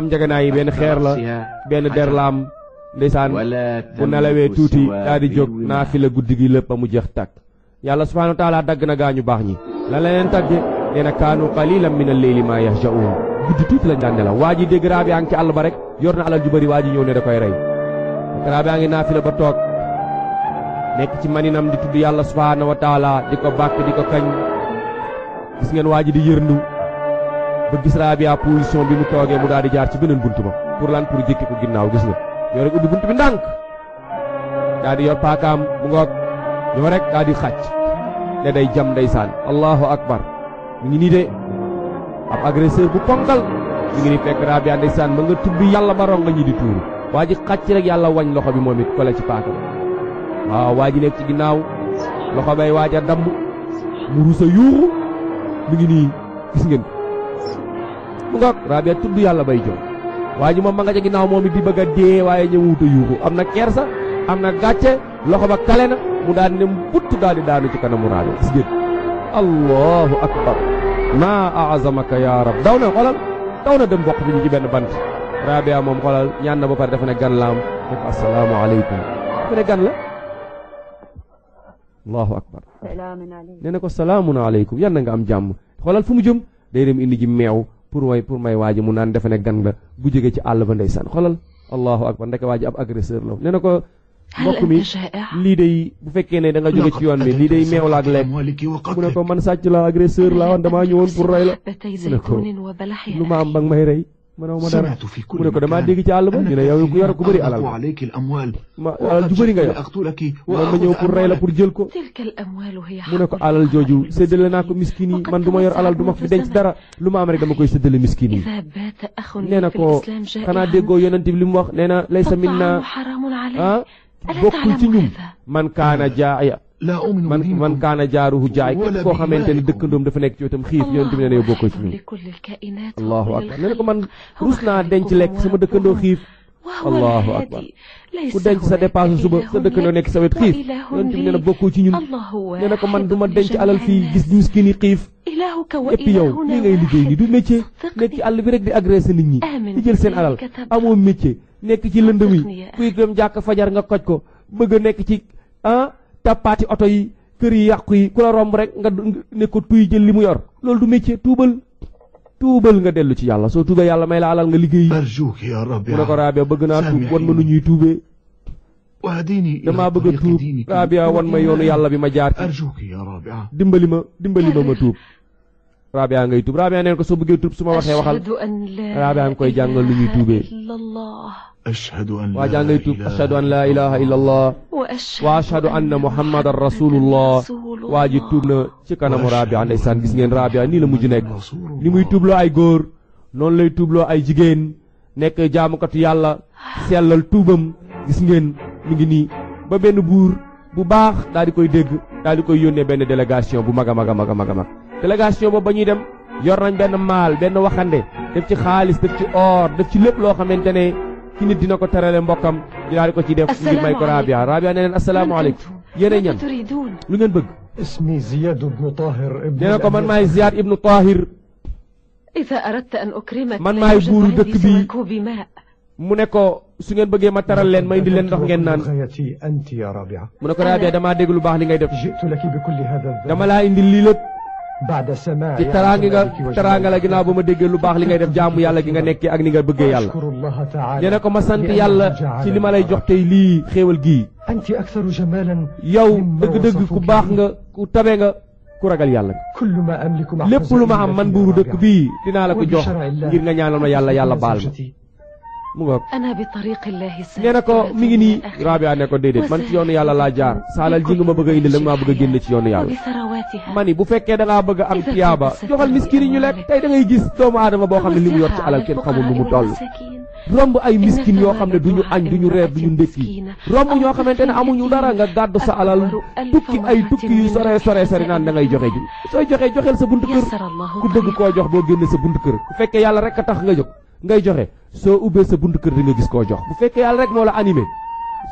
am njaganaay yi benn xeer la benn la derlaam ndeysaan bu nelawee tuuti daa di jóg naa fi la guddi gi lépp ba mu jeex tàkk yàlla subhaanahu wa taala dagg na gaañu baax ñi la la leen tàgge kaanu qalilan min al-layli maa yahja'uun guddi tuuti lañ daan nelaw waa ji dégg raabiyaa ngi ci àll ba rek yor na alal ju bëri waa ji ñëw ne da koy rey raabiyaa ngi naafila ba toog nekk ci maninam di tudd yàlla subhaanahu wa taala di ko bàkk di ko kañ gis ngeen waa ji di yërndu ba gis raabiyaa position bi mu toogee mu daal di jaar ci beneen bunt ba pour lan pour jékki ko ginnaaw gis nga yow rek ubbi bunt bi ndànk daal di yor paakaam mu ngoog yow rek daal di xàcc ne day jam ndeysaan allahu akbar mu ab agresseur bu ponkal ñu ngi ni fekk rabia ndeysaan ma nga tudd yàlla ba ronga ñi di tuuru waa ji xàcc rek yàlla wañ loxo bi moom it ko la ci paaka waaw waa ji nekk ci ginnaaw loxo bay waaj a damm mu rusa yuuxu mi ngi nii gis ngeen ko mu ngoog rabia tudd yàlla bay jom waa ji moom ma nga ca ginnaaw moom it di bëgg a dee waaye ñëwuta yuuxu am na kersa am na gàcce loxo ba kale na mu daal di ne butt daal di daanu ci kanamu rabia gis ngeen allahu akbar ma aazamaka ya rab daw na xolal daw na dem bokk bi ci benn bant rabia moom xolal ñaan na ba pare dafa ne gan laam def assalaamu aleykum dafa ne gan la allahu akbar nee na ko salaamun aleykum yan na nga am jàmm xolal fu mu jëm day dem indi ji meew pour way pour may waaji mu naan dafa ne gan la bu jógee ci àll ba ndeysaan xolal allahu akbar ndeke waaji ab agresseur la nee na ko mbokk mi lii day bu fekkee ne da nga jóge ci yoon bi lii day meew la ak lekk mu ko man sàcc la agresseur la woon damaa ñëwoon pour rey la mu ko lu ba ma dara mu ne ko damaa dégg ci àll ba ñu ne yow ku yor ku bëri alal ma alal ju ñëw pour rey la pour jël ko mu ne ko alal jooju séddale naa ko miskin yi man du ma yor alal du ma fi denc dara lu ma am rek dama koy séddale miskin yi nee na ko xanaa déggoo yonent bi li mu wax na laysa bokkul ci ñun man kaana jaaya man man kaana jaaruhu jaay képp koo xamante ni dëkkandoom dafa nekk ci wetam xiif yonent bi ne na yow bokkul ci ñun allahu akbar ne ne ko man rus naa lekk sama dëkkandoo xiif allahu akbar ku denc sa dépense suba sa dëkkandoo nekk sa wet na bokkul ci ñun ne na ko man du ma denc alal fii gis miskin yi xiif et puis yow lii ngay liggéey nii du métier nekk ci àll bi rek di agressé nit ñi di jël seen alal amoo métier nekk ci lëndëm yi kuy dem jàkk fajar nga koj ko bëgg nekk ci ah tappaati oto yi kër yi yàqu yi ku la romb rek nga ne ko tuy jël li mu yor loolu du métier tuubal tuubal nga dellu ci yàlla soo tuubee yàlla may la alal nga liggéey mu ne ko Rabia bëgg naa tuub wan ma nu ñuy tuubee damaa bëgg a tuub Rabia wan ma yoonu yàlla bi ma jaar ci dimbali ma dimbali ma ma tuub Rabia ngay tuub Rabia neen ko soo bëggee tuub su ma waxee waxal Rabia nga koy jàngal lu ñuy tuubee أشهد أن وأجعلني توب أشهد أن لا إله إلا الله وأشهد أن محمد رسول الله waaji tuub na ci kanamu Rabia ndeysaan gis ngeen Rabia nii la mujj nekk ni muy tuubloo ay góor noonu lay tuubloo ay jigéen nekk jaamukatu yàlla sellal tuubam gis ngeen mi ngi nii ba benn buur bu baax daal di koy dégg daal di koy yónnee benn délégation bu mag a mag a mag a mag a mag ba ñuy dem yor nañ benn maal benn waxande def ci xaalis def ci or ne ci nit dina ko terale mbokkam ñu daal di ko ci def ngir may ko Rabia Rabia ne leen asalaamaaleykum yéen a ñan lu ngeen bëgg. ismi Ziyad ibnu Tahir. nee na ko man maay Ziyad ibnu Tahir.
man maay buuru
mu ne ko su ngeen bëggee ma taral leen ma indi leen ndox ngeen naan mu ne ko Rabia damaa dégg lu baax li ngay def dama laa indi lii lépp. di teraanga nga teraanga a ginnaaw ba ma déggee lu baax li ngay def jaamu yàlla gi nga nekkee ak ni nga bëggee yàlla
nee na ko ma sant yàlla ci li ma
lay jox tey lii xéewal gii yow dëgg-dëgg ku baax nga ku tabe nga ku ragal yàlla
lépp lu ma am man buuru dëkk bii dinaa la ko jox ngir nga
ñaanal na yàlla yàlla baal ma mu ngoog
nee na ko mi ngi nii
Rabia ne ko déedéet man ci yoonu yàlla laa jaar saalal ji nga ma bëgg a indi la maa bëgg génn ci yoonu yàlla ma ni bu fekkee dangaa bëgg a am tiyaaba joxal miskin yi ñu lekk tey da gis doomu aadama boo xam ne li mu yor ci alal kenn xamul nu mu toll romb ay miskin yoo xam ne du ñu añ duñu reer duñu ndékki romb ñoo xamante ne amuñu dara nga gàddu sa alal tukki ay tukki yu sore sore sori naan joxe ji sooy joxee koo jox boo génne sa buntu kër bu fekkee yàlla rek a tax nga jóg ngay joxe soo ubbee sa buntu kër di nga gis koo jox bu fekkee yàlla rek moo la animé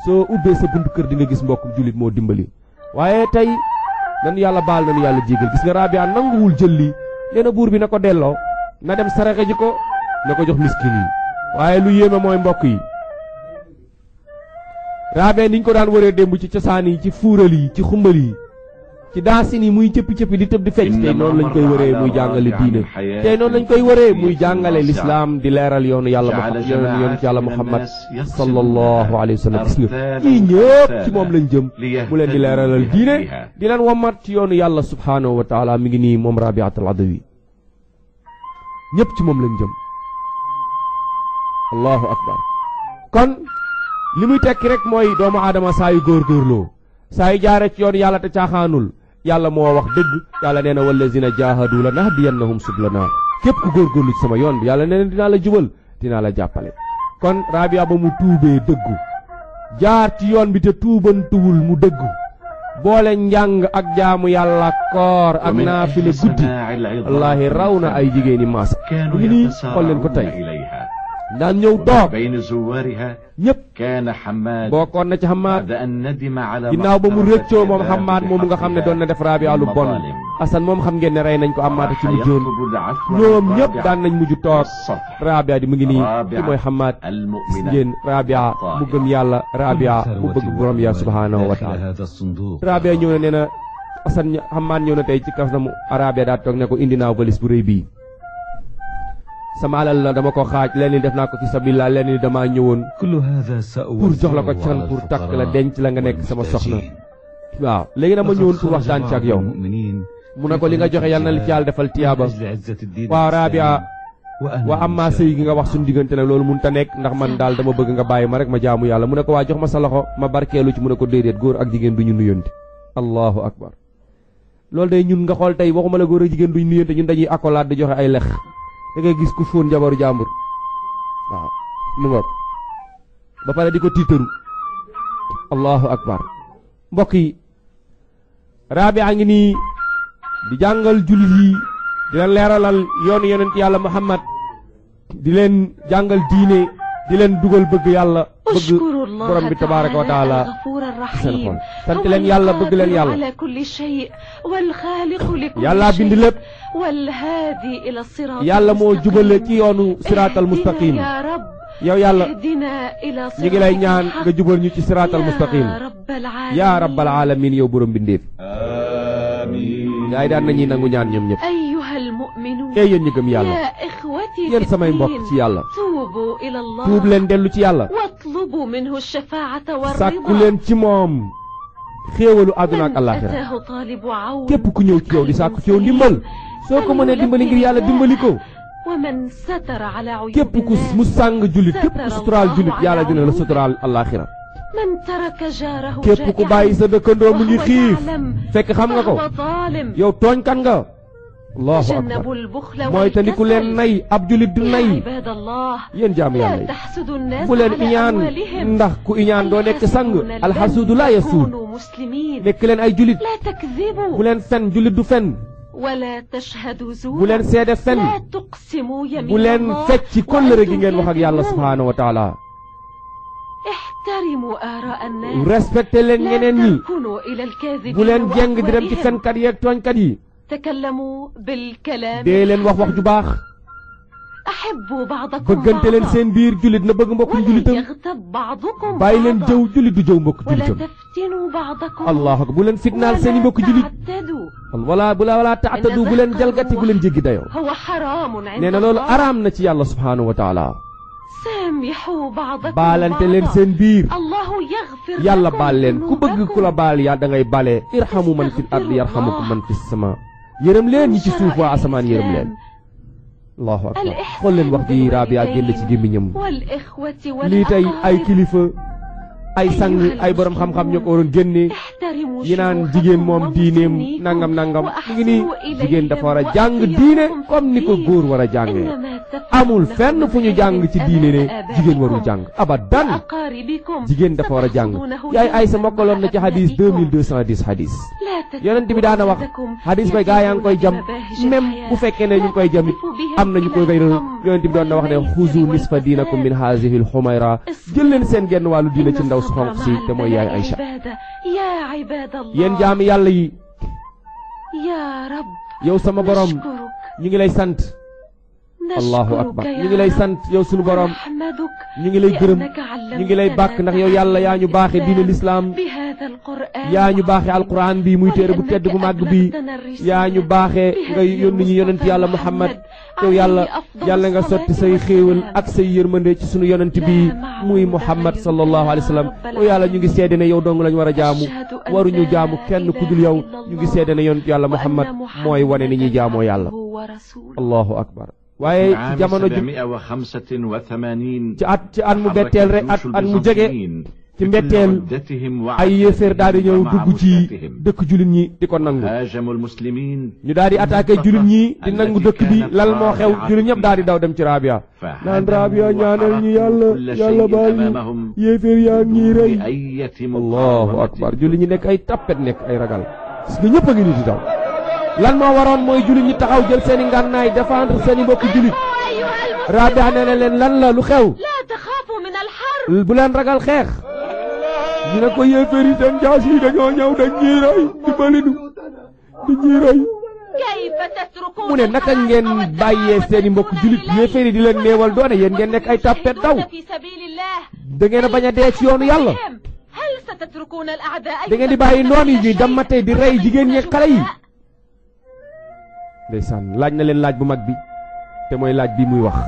soo ubbee sa buntu kër di nga gis mbokk jullit moo dimbali waaye tey nanu yàlla baal nanu yàlla jégal gis nga Rabia nanguwul jël lii nee buur bi na ko delloo na dem saraxe ji ko na ko jox miskin yi waaye lu yéeme mooy mbokk yi Rabia niñ ko daan wëree démb ci cosaan yi ci fuural yi ci xumbal yi ci daasin yi muy cëppi-cëppi di tëb di fecc tey noonu lañ koy wëree muy jàngale diine tey noonu lañ koy wëree muy jàngale lislaam di leeral yoonu yàlla mu yoonu yàlla muhammad sallallahu alayhi wa sallam gis nga ñii ci moom lañ jëm mu leen di leeralal diine di leen wammat yoonu yàlla subhaanahu wa taala mi ngi nii moom rabiatul adawi ñëpp ci moom lañ jëm allahu akbar kon li muy tekki rek mooy doomu aadama saa yu góorgóorloo saa yu jaare ci yoon yàlla te caaxaanul yàlla moo wax dëgg yàlla nee na wallazina jaahadu la yen na nahdiyannahum sublanaa képp ku góorgóorlu ci sama yoon bi yàlla nee na dinaa la jubal dinaa la jàppale kon Rabia ba mu tuubee dëggu jaar ci yoon bi te tuubantuwul mu dëggu boole njàng ak jaamu yàlla koor ak naafile guddi wallaahi raw na ay jigéeni maas mu ngi nii xool leen ko tey daan ñëw toog bayna zuwaariha ñëpp kaana xamaad bokkoon na ci xamaad ginnaaw ba mu rëccoo moom xamaad moomu nga xam ne doon na def raabiya lu bon asan moom xam ngeen ne rey nañ ko amaata ci mujjoon ñoom ñëpp daan nañ mujj toog raabiya di mu ngi nii ci mooy xamaad mu gëm yàlla raabiya mu bëgg borom ya subhaanahu wa taala raabiya ñëw na na asan xamaad ñëw na tey ci kaw na mu raabiya daa toog ne ko indi naa valise bu rëy bii sama alal la dama ko xaaj lenn def naa ko fi sabilillah lenn damaa ñëwoon pour jox la ko can pour takk la denc la nga nekk sama soxna waaw léegi nag ma ñëwoon pour waxtaan ci ak yow mu ne ko li nga joxe yal na li ci yàlla defal tiyaaba waaw Rabia wa amma sëy gi nga wax suñu diggante nag loolu mënut a nekk ndax man daal dama bëgg nga bàyyi ma rek ma jaamu yàlla mu ne ko waa jox ma sa loxo ma barkeelu ci mu ne ko déedéet góor ak jigéen du ñu nuyonte allahu akbar loolu day ñun nga xool tey waxuma la góor ak di joxe ay da ngay gis ku fóon jabaru jàmbur mu ngoog ba pare di ko tiitaru allahu akbar mbokk yi raabi a ngi nii di jàngal jullit yi di leen leeralal yoonu yonent yàlla muhammad di leen jàngal diine di leen dugal bëgg yàlla bëgg borom bi tabaaraka wa taala
seen xol sant leen yàlla bëgg leen yàlla yàlla bind lépp yàlla
moo jubale ci yoonu siraatal mustaqim yow yàlla
ñu ngi lay ñaan nga jubal ñu ci siraatal mustaqim yaa rabbal
alamin yow borom bindeef. amiin. gars yi daan nañuy nangu ñaan ñoom ñëpp. المؤمنون اي yéen ñi gëm yàlla
يا إخوتي في yéen samay mbokk ci yàlla توبوا إلى الله tuub leen dellu ci yàlla واطلبوا منه الشفاعة والرضا sàkku leen
ci moom xéewalu àdduna ak àllaaxira képp ku ñëw ci yow di sàkku ci yow ndimbal soo sàng jullit képp suturaal jullit yàlla dina la suturaal àllaaxira
képp ku bàyyi sa dëkkandoo mu ngi xiif fekk xam nga ko
yow tooñkan nga allahu
akbar mooy te ni ku leen nay
ab julit du nay yéen jaamu yàlla
yi bu leen iñaan ndax ku iñaan doo nekk sang alxasuudu laa yasuud nekk leen ay julit bu leen
fen julit du fen
bu leen seede fen bu leen fecc ci kóllëre gi ngeen wax ak yàlla subhaanahu wa taala respecté leen ñeneen ñi bu leen jeng di dem ci fenkat
yeeg tooñkat yi
تكلموا بالكلام dee
leen wax wax ju baax
أحبوا بعضكم bëggante leen seen
biir jullit na bëgg mbokk jullitam
يغتب بعضكم bàyyi leen jëw
jullit jëw mbokk ولا jullitam
تفتنوا بعضكم
allah ak bu leen fitnaal seen i mbokk jullit تعتدوا bu la wala taatadu bu leen jalgati bu leen jéggi dayoo
هو حرام عند nee
loolu araam na ci yàlla subhaanahu wa taala
سامحوا بعضكم baalante leen seen biir الله يغفر yàlla baal leen
ku bëgg ku la baal yaa da ngay bale irhamu man fil ardi yarhamukum man fis sama yërëm leen ci suuf waa asamaan yërëm leen allahu akbar xool leen wax ji Rabia génn ci gémmiñam
lii tey ay
kilifa ay sang ay borom xam-xam ñoo ko waroon génne
ñi naan jigéen moom
diineem nangam nangam mu ngi nii jigéen dafa war a jàng diine comme ni ko góor war a jàngee amul fenn ñu jàng ci diine ne jigéen warul jàng abadan jigéen dafa war a jàng yaay ay sa mokkaloon na ci xadis 2210 xadis
yonent bi daana wax xadis ba gaa yaa ngi koy jam même bu fekkee ne ñu ngi koy jamit
am nañu koy koy yonent bi doon wax ne xuzu nisfa diinakum min haazihil xumayra jël leen seen genn wàllu diine ci ndaw soxnaam si te mooy yaay Aïcha yéen jaami yàlla yi yow sama borom ñu ngi lay sant
allahu akbar ñu ngi lay sant yow suñu borom ñu ngi lay gërëm ñu ngi lay bàkk ndax yow yàlla yaa ñu baaxe diine lislaam yaa ñu baaxe
alquran bi muy téere bu tedd bu màgg bi yaa ñu baaxe nga yónni ñu yonent yàlla muhammad yow yàlla yàlla nga sotti say xéewal ak say yërmande ci sunu yonent bi muy muhammad sallallahu alayhi wa sallam yow yàlla ñu ngi seede na yow dong lañu war a jaamu waruñu jaamu kenn ku dul yow ñu ngi seede ne yonent yàlla muhammad mooy wane ni ñuy jaamoo yàlla waaye ci jamono ju ci at ci at mu betteel rek at at mu jege ci mbetteel ay yéeféer daal di ñëw dugg ci dëkk jullit ñi di ko nangu ñu daal di attaqué jullit ñii di nangu dëkk bi lal moo xew jullit ñëpp daal di daw dem ci Rabia naan Rabia ñaanal ñu yàlla yàlla baal ñu yéeféer yaa ngi rey allahu akbar jullit ñi nekk ay tappet nekk ay ragal gis nga ñëpp a ngi nii di daw lan moo waroon mooy jullit ñi taxaw jël seen i ngànnaay défendre seen i mbokku jullit leen lan la lu xew bu leen ragal xeex ñu ne ko yéeféer yi seen jaas yi dañoo ñëw dañ ñuy rey di balinu di ñuy rey
mu ne naka ngeen
bàyyee seen i mbokk jullit yéeféer yi di leen néewal doone yéen ngeen nekk ay tàppet daw da ngeen a bañ a dee ci yoonu yàlla
da ngeen di bàyyi noon yi ñuy dammatee di rey
jigéen ñi xale ndeysaan laaj na leen laaj bu mag bi te mooy laaj bi muy wax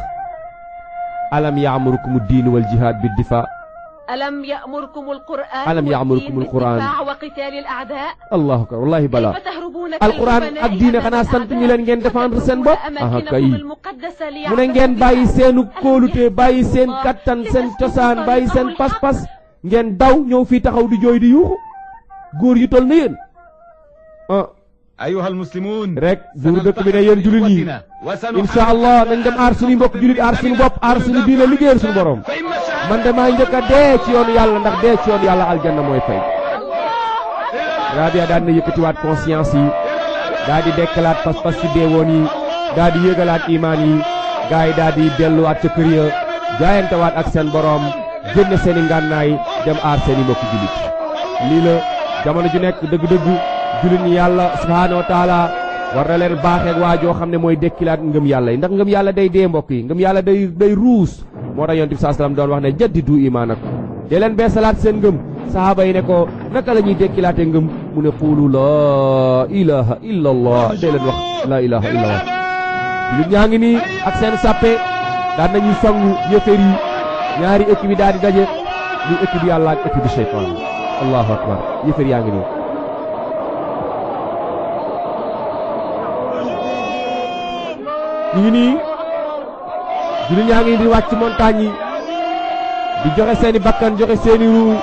alam yaamurukumu diinu wal jihaad bi difaa
alam yaamurukumul quraan alam yaamurukumul quraan wa qitaalil a'daa
allahu akbar wallaahi balaa alquraan ak diine xanaa sant ñu leen ngeen défendre seen bopp aha kay mu ne ngeen bàyyi seenu kóolute bàyyi seen kattan seen cosaan bàyyi seen pas ngeen daw ñëw fii taxaw di jooy di yuuxu góor yu toll na yéen ah. ayyuhal muslimun rek buur dëkk bi ne yéen jullit yi incha allah nañ dem aar suñu mbokk jullit aar suñu bopp aar suñu diine liggéeyal suñu borom man de maa njëkk dee ci yoonu yàlla ndax dee ci yoonu yàlla aljanna mooy fay. Rabia daan na yëkkatiwaat conscience yi daa di dekkelaat pas-pas si deewoon yi daa di yëgalaat imaan yi gars yi daa di delluwaat ca kër ya jaayantewaat ak seen borom génne seen i ngànnaay dem aar seen i mbokk jullit lii la jamono ju nekk dëgg-dëgg. jullit ñi yàlla subhaanahu wa taala war na leen baaxeeg waa joo xam ne mooy dekkilaat ngëm yàlla yi ndax ngëm yàlla day dee mbokk yi ngëm yàlla day day ruus moo tax yonent bi saa salaam doon wax ne jaddidu imaanakum dee leen beesalaat seen ngëm sahaaba yi ne ko naka la ñuy dekkilaate ngëm mu ne quulu laa ilaha illa dee leen wax laa ilaha illa allah ñaa ngi nii ak seen sàppe daan nañuy sangu yëfër yi ñaari équipe yi daal di daje muy équipe yàlla ak équipe bi ñu ngi nii jullit yaa ngi di wàcc montagne yi di joxe seeni bakkan joxe seeni ruu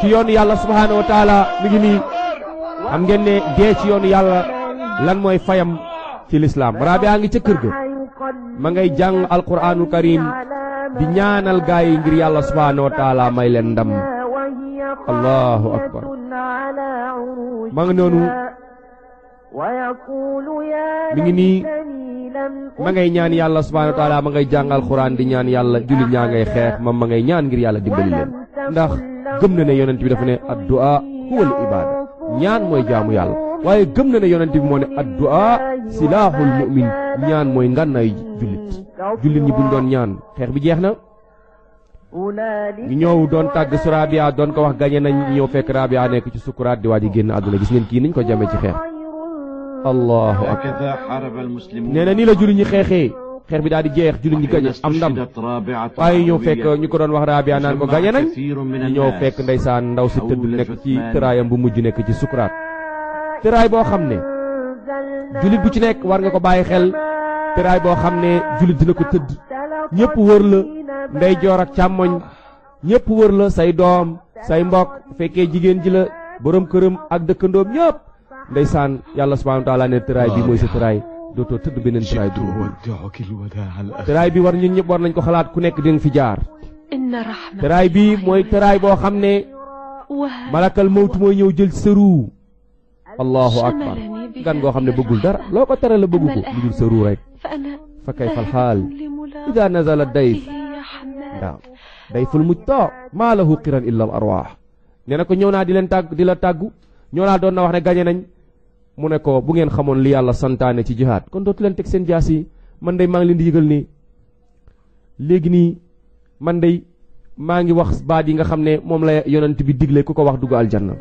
ci yoonu yàlla subhaanahu wa taala mi ngi nii xam ngeen ne dee ci yoonu yàlla lan mooy fayam ci lislaam rabia ngi ca kër ga ma ngay jàng alquraanul karim
di ñaanal
gaa yi ngir yàlla subhaanahu wa taala may leen ndam allahu akbar ma nga noonu mi ngi nii ma ngay ñaan yàlla subhaanahu wa taala ma ngay jàngal xuraan di ñaan yàlla jullit ñaa ngay xeex moom ma ngay ñaan ngir yàlla dimbali leen ndax gëm na ne yonent bi dafa ne addu'a huwal ibaada ñaan mooy jaamu yàlla waaye gëm na ne yonent bi moo ne addu'a silaahul mu'min ñaan mooy ngànnaayu jullit
jullit ñi buñ doon
ñaan xeex bi jeex na ñu ñëw doon tàgg su Rabia doon ko wax gañe nañ ñëw fekk Rabia nekk ci sukkuraat di waaj a génn àdduna gis ngeen kii ko jamee ci xeex allahu
akbar nee na nii
la jullit ñi xeexee xeex bi daal di jeex jullit ñi gañe am ndam
waaye ñëw fekk ñu
ko doon wax Rabia naan ko gañe nañ ñu ñëw fekk ndeysaan ndaw si tëdd nekk ci tëraayam bu mujj nekk ci sukuraat tëraay boo xam ne jullit bu ci nekk war nga ko bàyyi xel tëraay boo xam ne jullit dina ko tëdd ñëpp wër la ndeyjoor ak càmmoñ ñëpp wër la say doom say mbokk fekkee jigéen ji la borom këram ak dëkkandoom ñëpp ndeysaan yàlla subhaanahu wa taala ne tëraay bi mooy sa tëraay dootoo tëdd beneen tëraay bi tëraay bi war ñun ñëpp war nañ ko xalaat ku nekk dina fi jaar tëraay bi mooy tëraay boo xam ne malakal mawtu mooy ñëw jël sëru allahu akbar gan goo xam ne bëggul dara loo ko tere la bëggu ko lu dul sëru rek fa kayfa alxaal ida nazala dayf waaw dayful mujtaa maa lahu qiran illa arwaax nee na ko ñëw naa di leen tàgg di la tàggu ñoo naa doon na mu ne ko bu ngeen xamoon li yàlla santaane ci jihaad kon dootu leen teg seen jaas yi man day maa ngi leen di yëgal nii léegi nii man day maa ngi wax baat yi nga xam ne moom la yonent bi digle ku ko wax dugg aljanna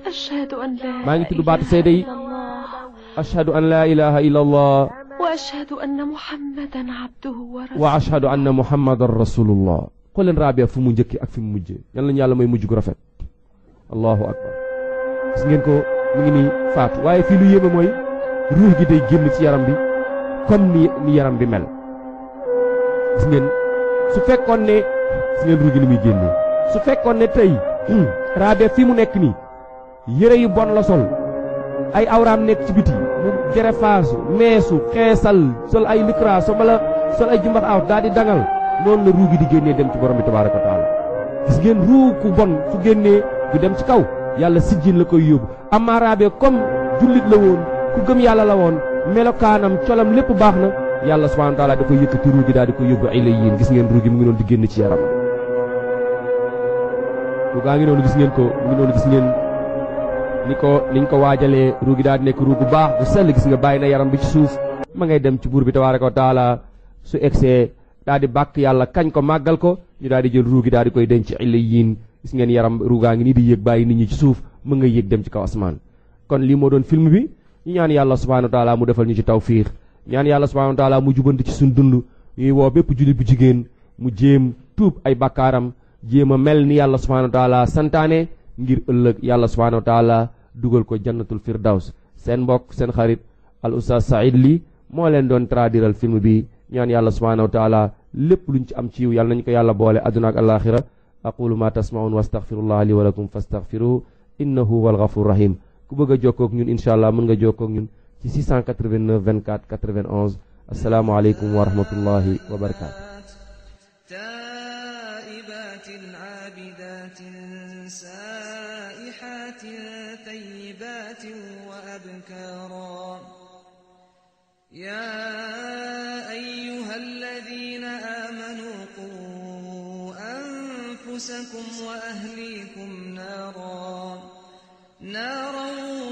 maa ngi tudd baatu seede yi
ashhadu an laa ilaha illa allah
wa ashhadu anna muhammadan abduhu
wa rasuluhu wa fu mu njëkki ak fi mu mujje yal nañu yàlla may mujj gu rafet allahu akbar gis ngeen ko mu ngi nii faatu waaye fii lu yéeme mooy ruux gi day génn ci yaram bi comme ni ni yaram bi mel gis ngeen su fekkoon ne gis ngeen ruux gi ni muy génnee su fekkoon ne tey raabe [clears throat] fii mu nekk nii yére yu bon la sol ay awraam nekk ci biti mu jerefaasu meesu xeesal sol ay likra sol ay jumbat aw daal di dangal noonu la ruux gi di génnee dem ci borom bi tabaaraka wa taala gis ngeen ruux ku bon su génnee du dem ci kaw yàlla sijjin la koy yóbbu amaaraabe comme jullit la woon ku gëm yàlla la woon melokaanam colam lépp baax na yàlla subhaanahu wa taala da koy ruugi daal di ko yóbbu ilayyin gis ngeen ruugi mu ngi noonu di génn ci yaram ngi noonu gis ngeen ko mu gis ngeen ni ko niñ ko waajalee ruugi daal di nekk ruugu baax bu sell gis nga bàyyi na yaram bi ci suuf ma ngay dem ci buur bi tabaaraka wa taala su egsee daal di bàkk yàlla kañ ko màggal ko ñu daal di jël ruugi daal di koy denc ilayyin gis ngeen yaram ruugaa ngi nii di yëg bàyyi nit ci suuf mën nga yéeg dem ci kaw asmaan kon lii moo doon film bi ñu ñaan yàlla subhanahu wa taala mu defal ñu ci tawfiix ñaan yàlla subhanahu wa taala mu jubant ci suñ dund ñuy woo bépp jullit bu jigéen mu jéem tuub ay bakkaaram jéem a mel ni yàlla subhanahu wa taala ngir ëllëg yàlla subhanahu wa dugal ko jannatul firdaws seen mbokk seen xarit al oustaz Saïd Ly moo leen doon traduiral film bi ñaan yàlla subhanahu wa taala lépp luñ ci am ci yiw innahu wal ghafur rahim ku bëgg a jokkoo ak ñun incha allah mën nga jokkoo ak ñun ci 689 24 91 asalaamaaleykum wa rahmatullahi wa barakaatu.
يا أيها الذين آمنوا قوا أنفسكم وأهليكم نارا نارا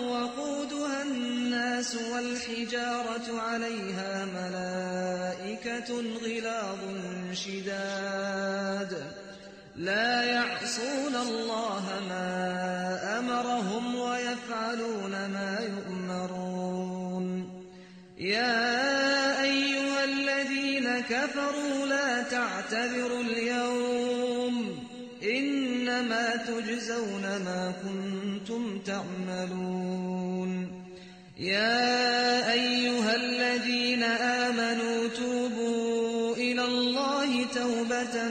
وقودها الناس والحجارة عليها ملائكة غلاظ شداد لا يعصون الله ما أمرهم ويفعلون ما يؤمرون يا أيها الذين كفروا لا تعتذروا اليوم إنما تجزون ما كنتم تعملون
يا أيها الذين
آمنوا توبوا إلى الله توبة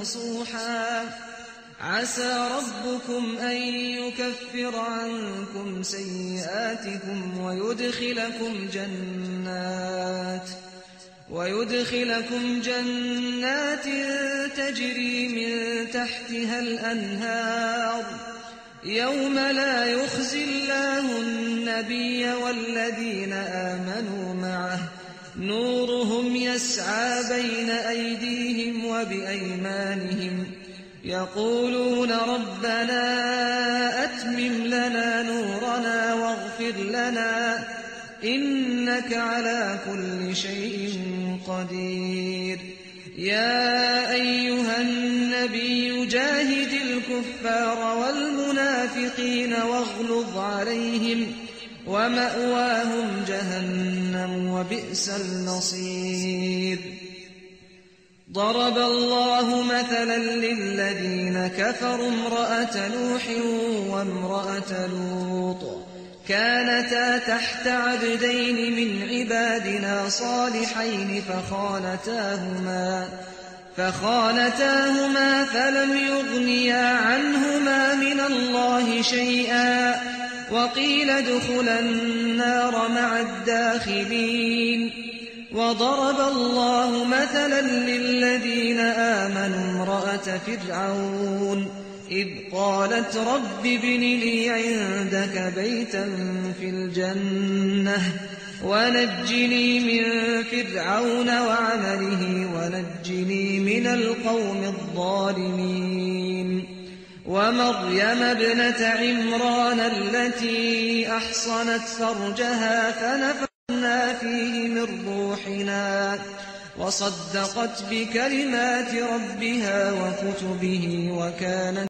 نصوحا عسى ربكم أن يكفر عنكم سيئاتكم ويدخلكم جنات ۖ ويدخلكم جنات تجري من تحتها الأنهار يوم لا يخزي الله النبي والذين آمنوا معه نورهم يسعى بين أيديهم وبأيمانهم يقولون ربنا أتمم لنا نورنا واغفر لنا إنك على كل شيء قدير يا أيها النبي جاهد الكفار والمنافقين واغلظ عليهم ومأواهم جهنم وبئس المصير ضرب الله مثلا للذين كفروا امرأة نوح وامرأة لوط كانتا تحت عبدين من عبادنا صالحين فخانتاهما فخانتاهما فلم يغنيا عنهما من الله شيئا وقيل ادخلا النار مع الداخلين وضرب الله مثلا للذين آمنوا امرأة فرعون إذ قالت رب ابن لي عندك بيتا في الجنة ونجني من فرعون وعمله ونجني من القوم الظالمين ومريم ابنة عمران التي أحصنت فرجها فنفخنا فيه من روحنا وصدقت بكلمات ربها وكتبه وكانت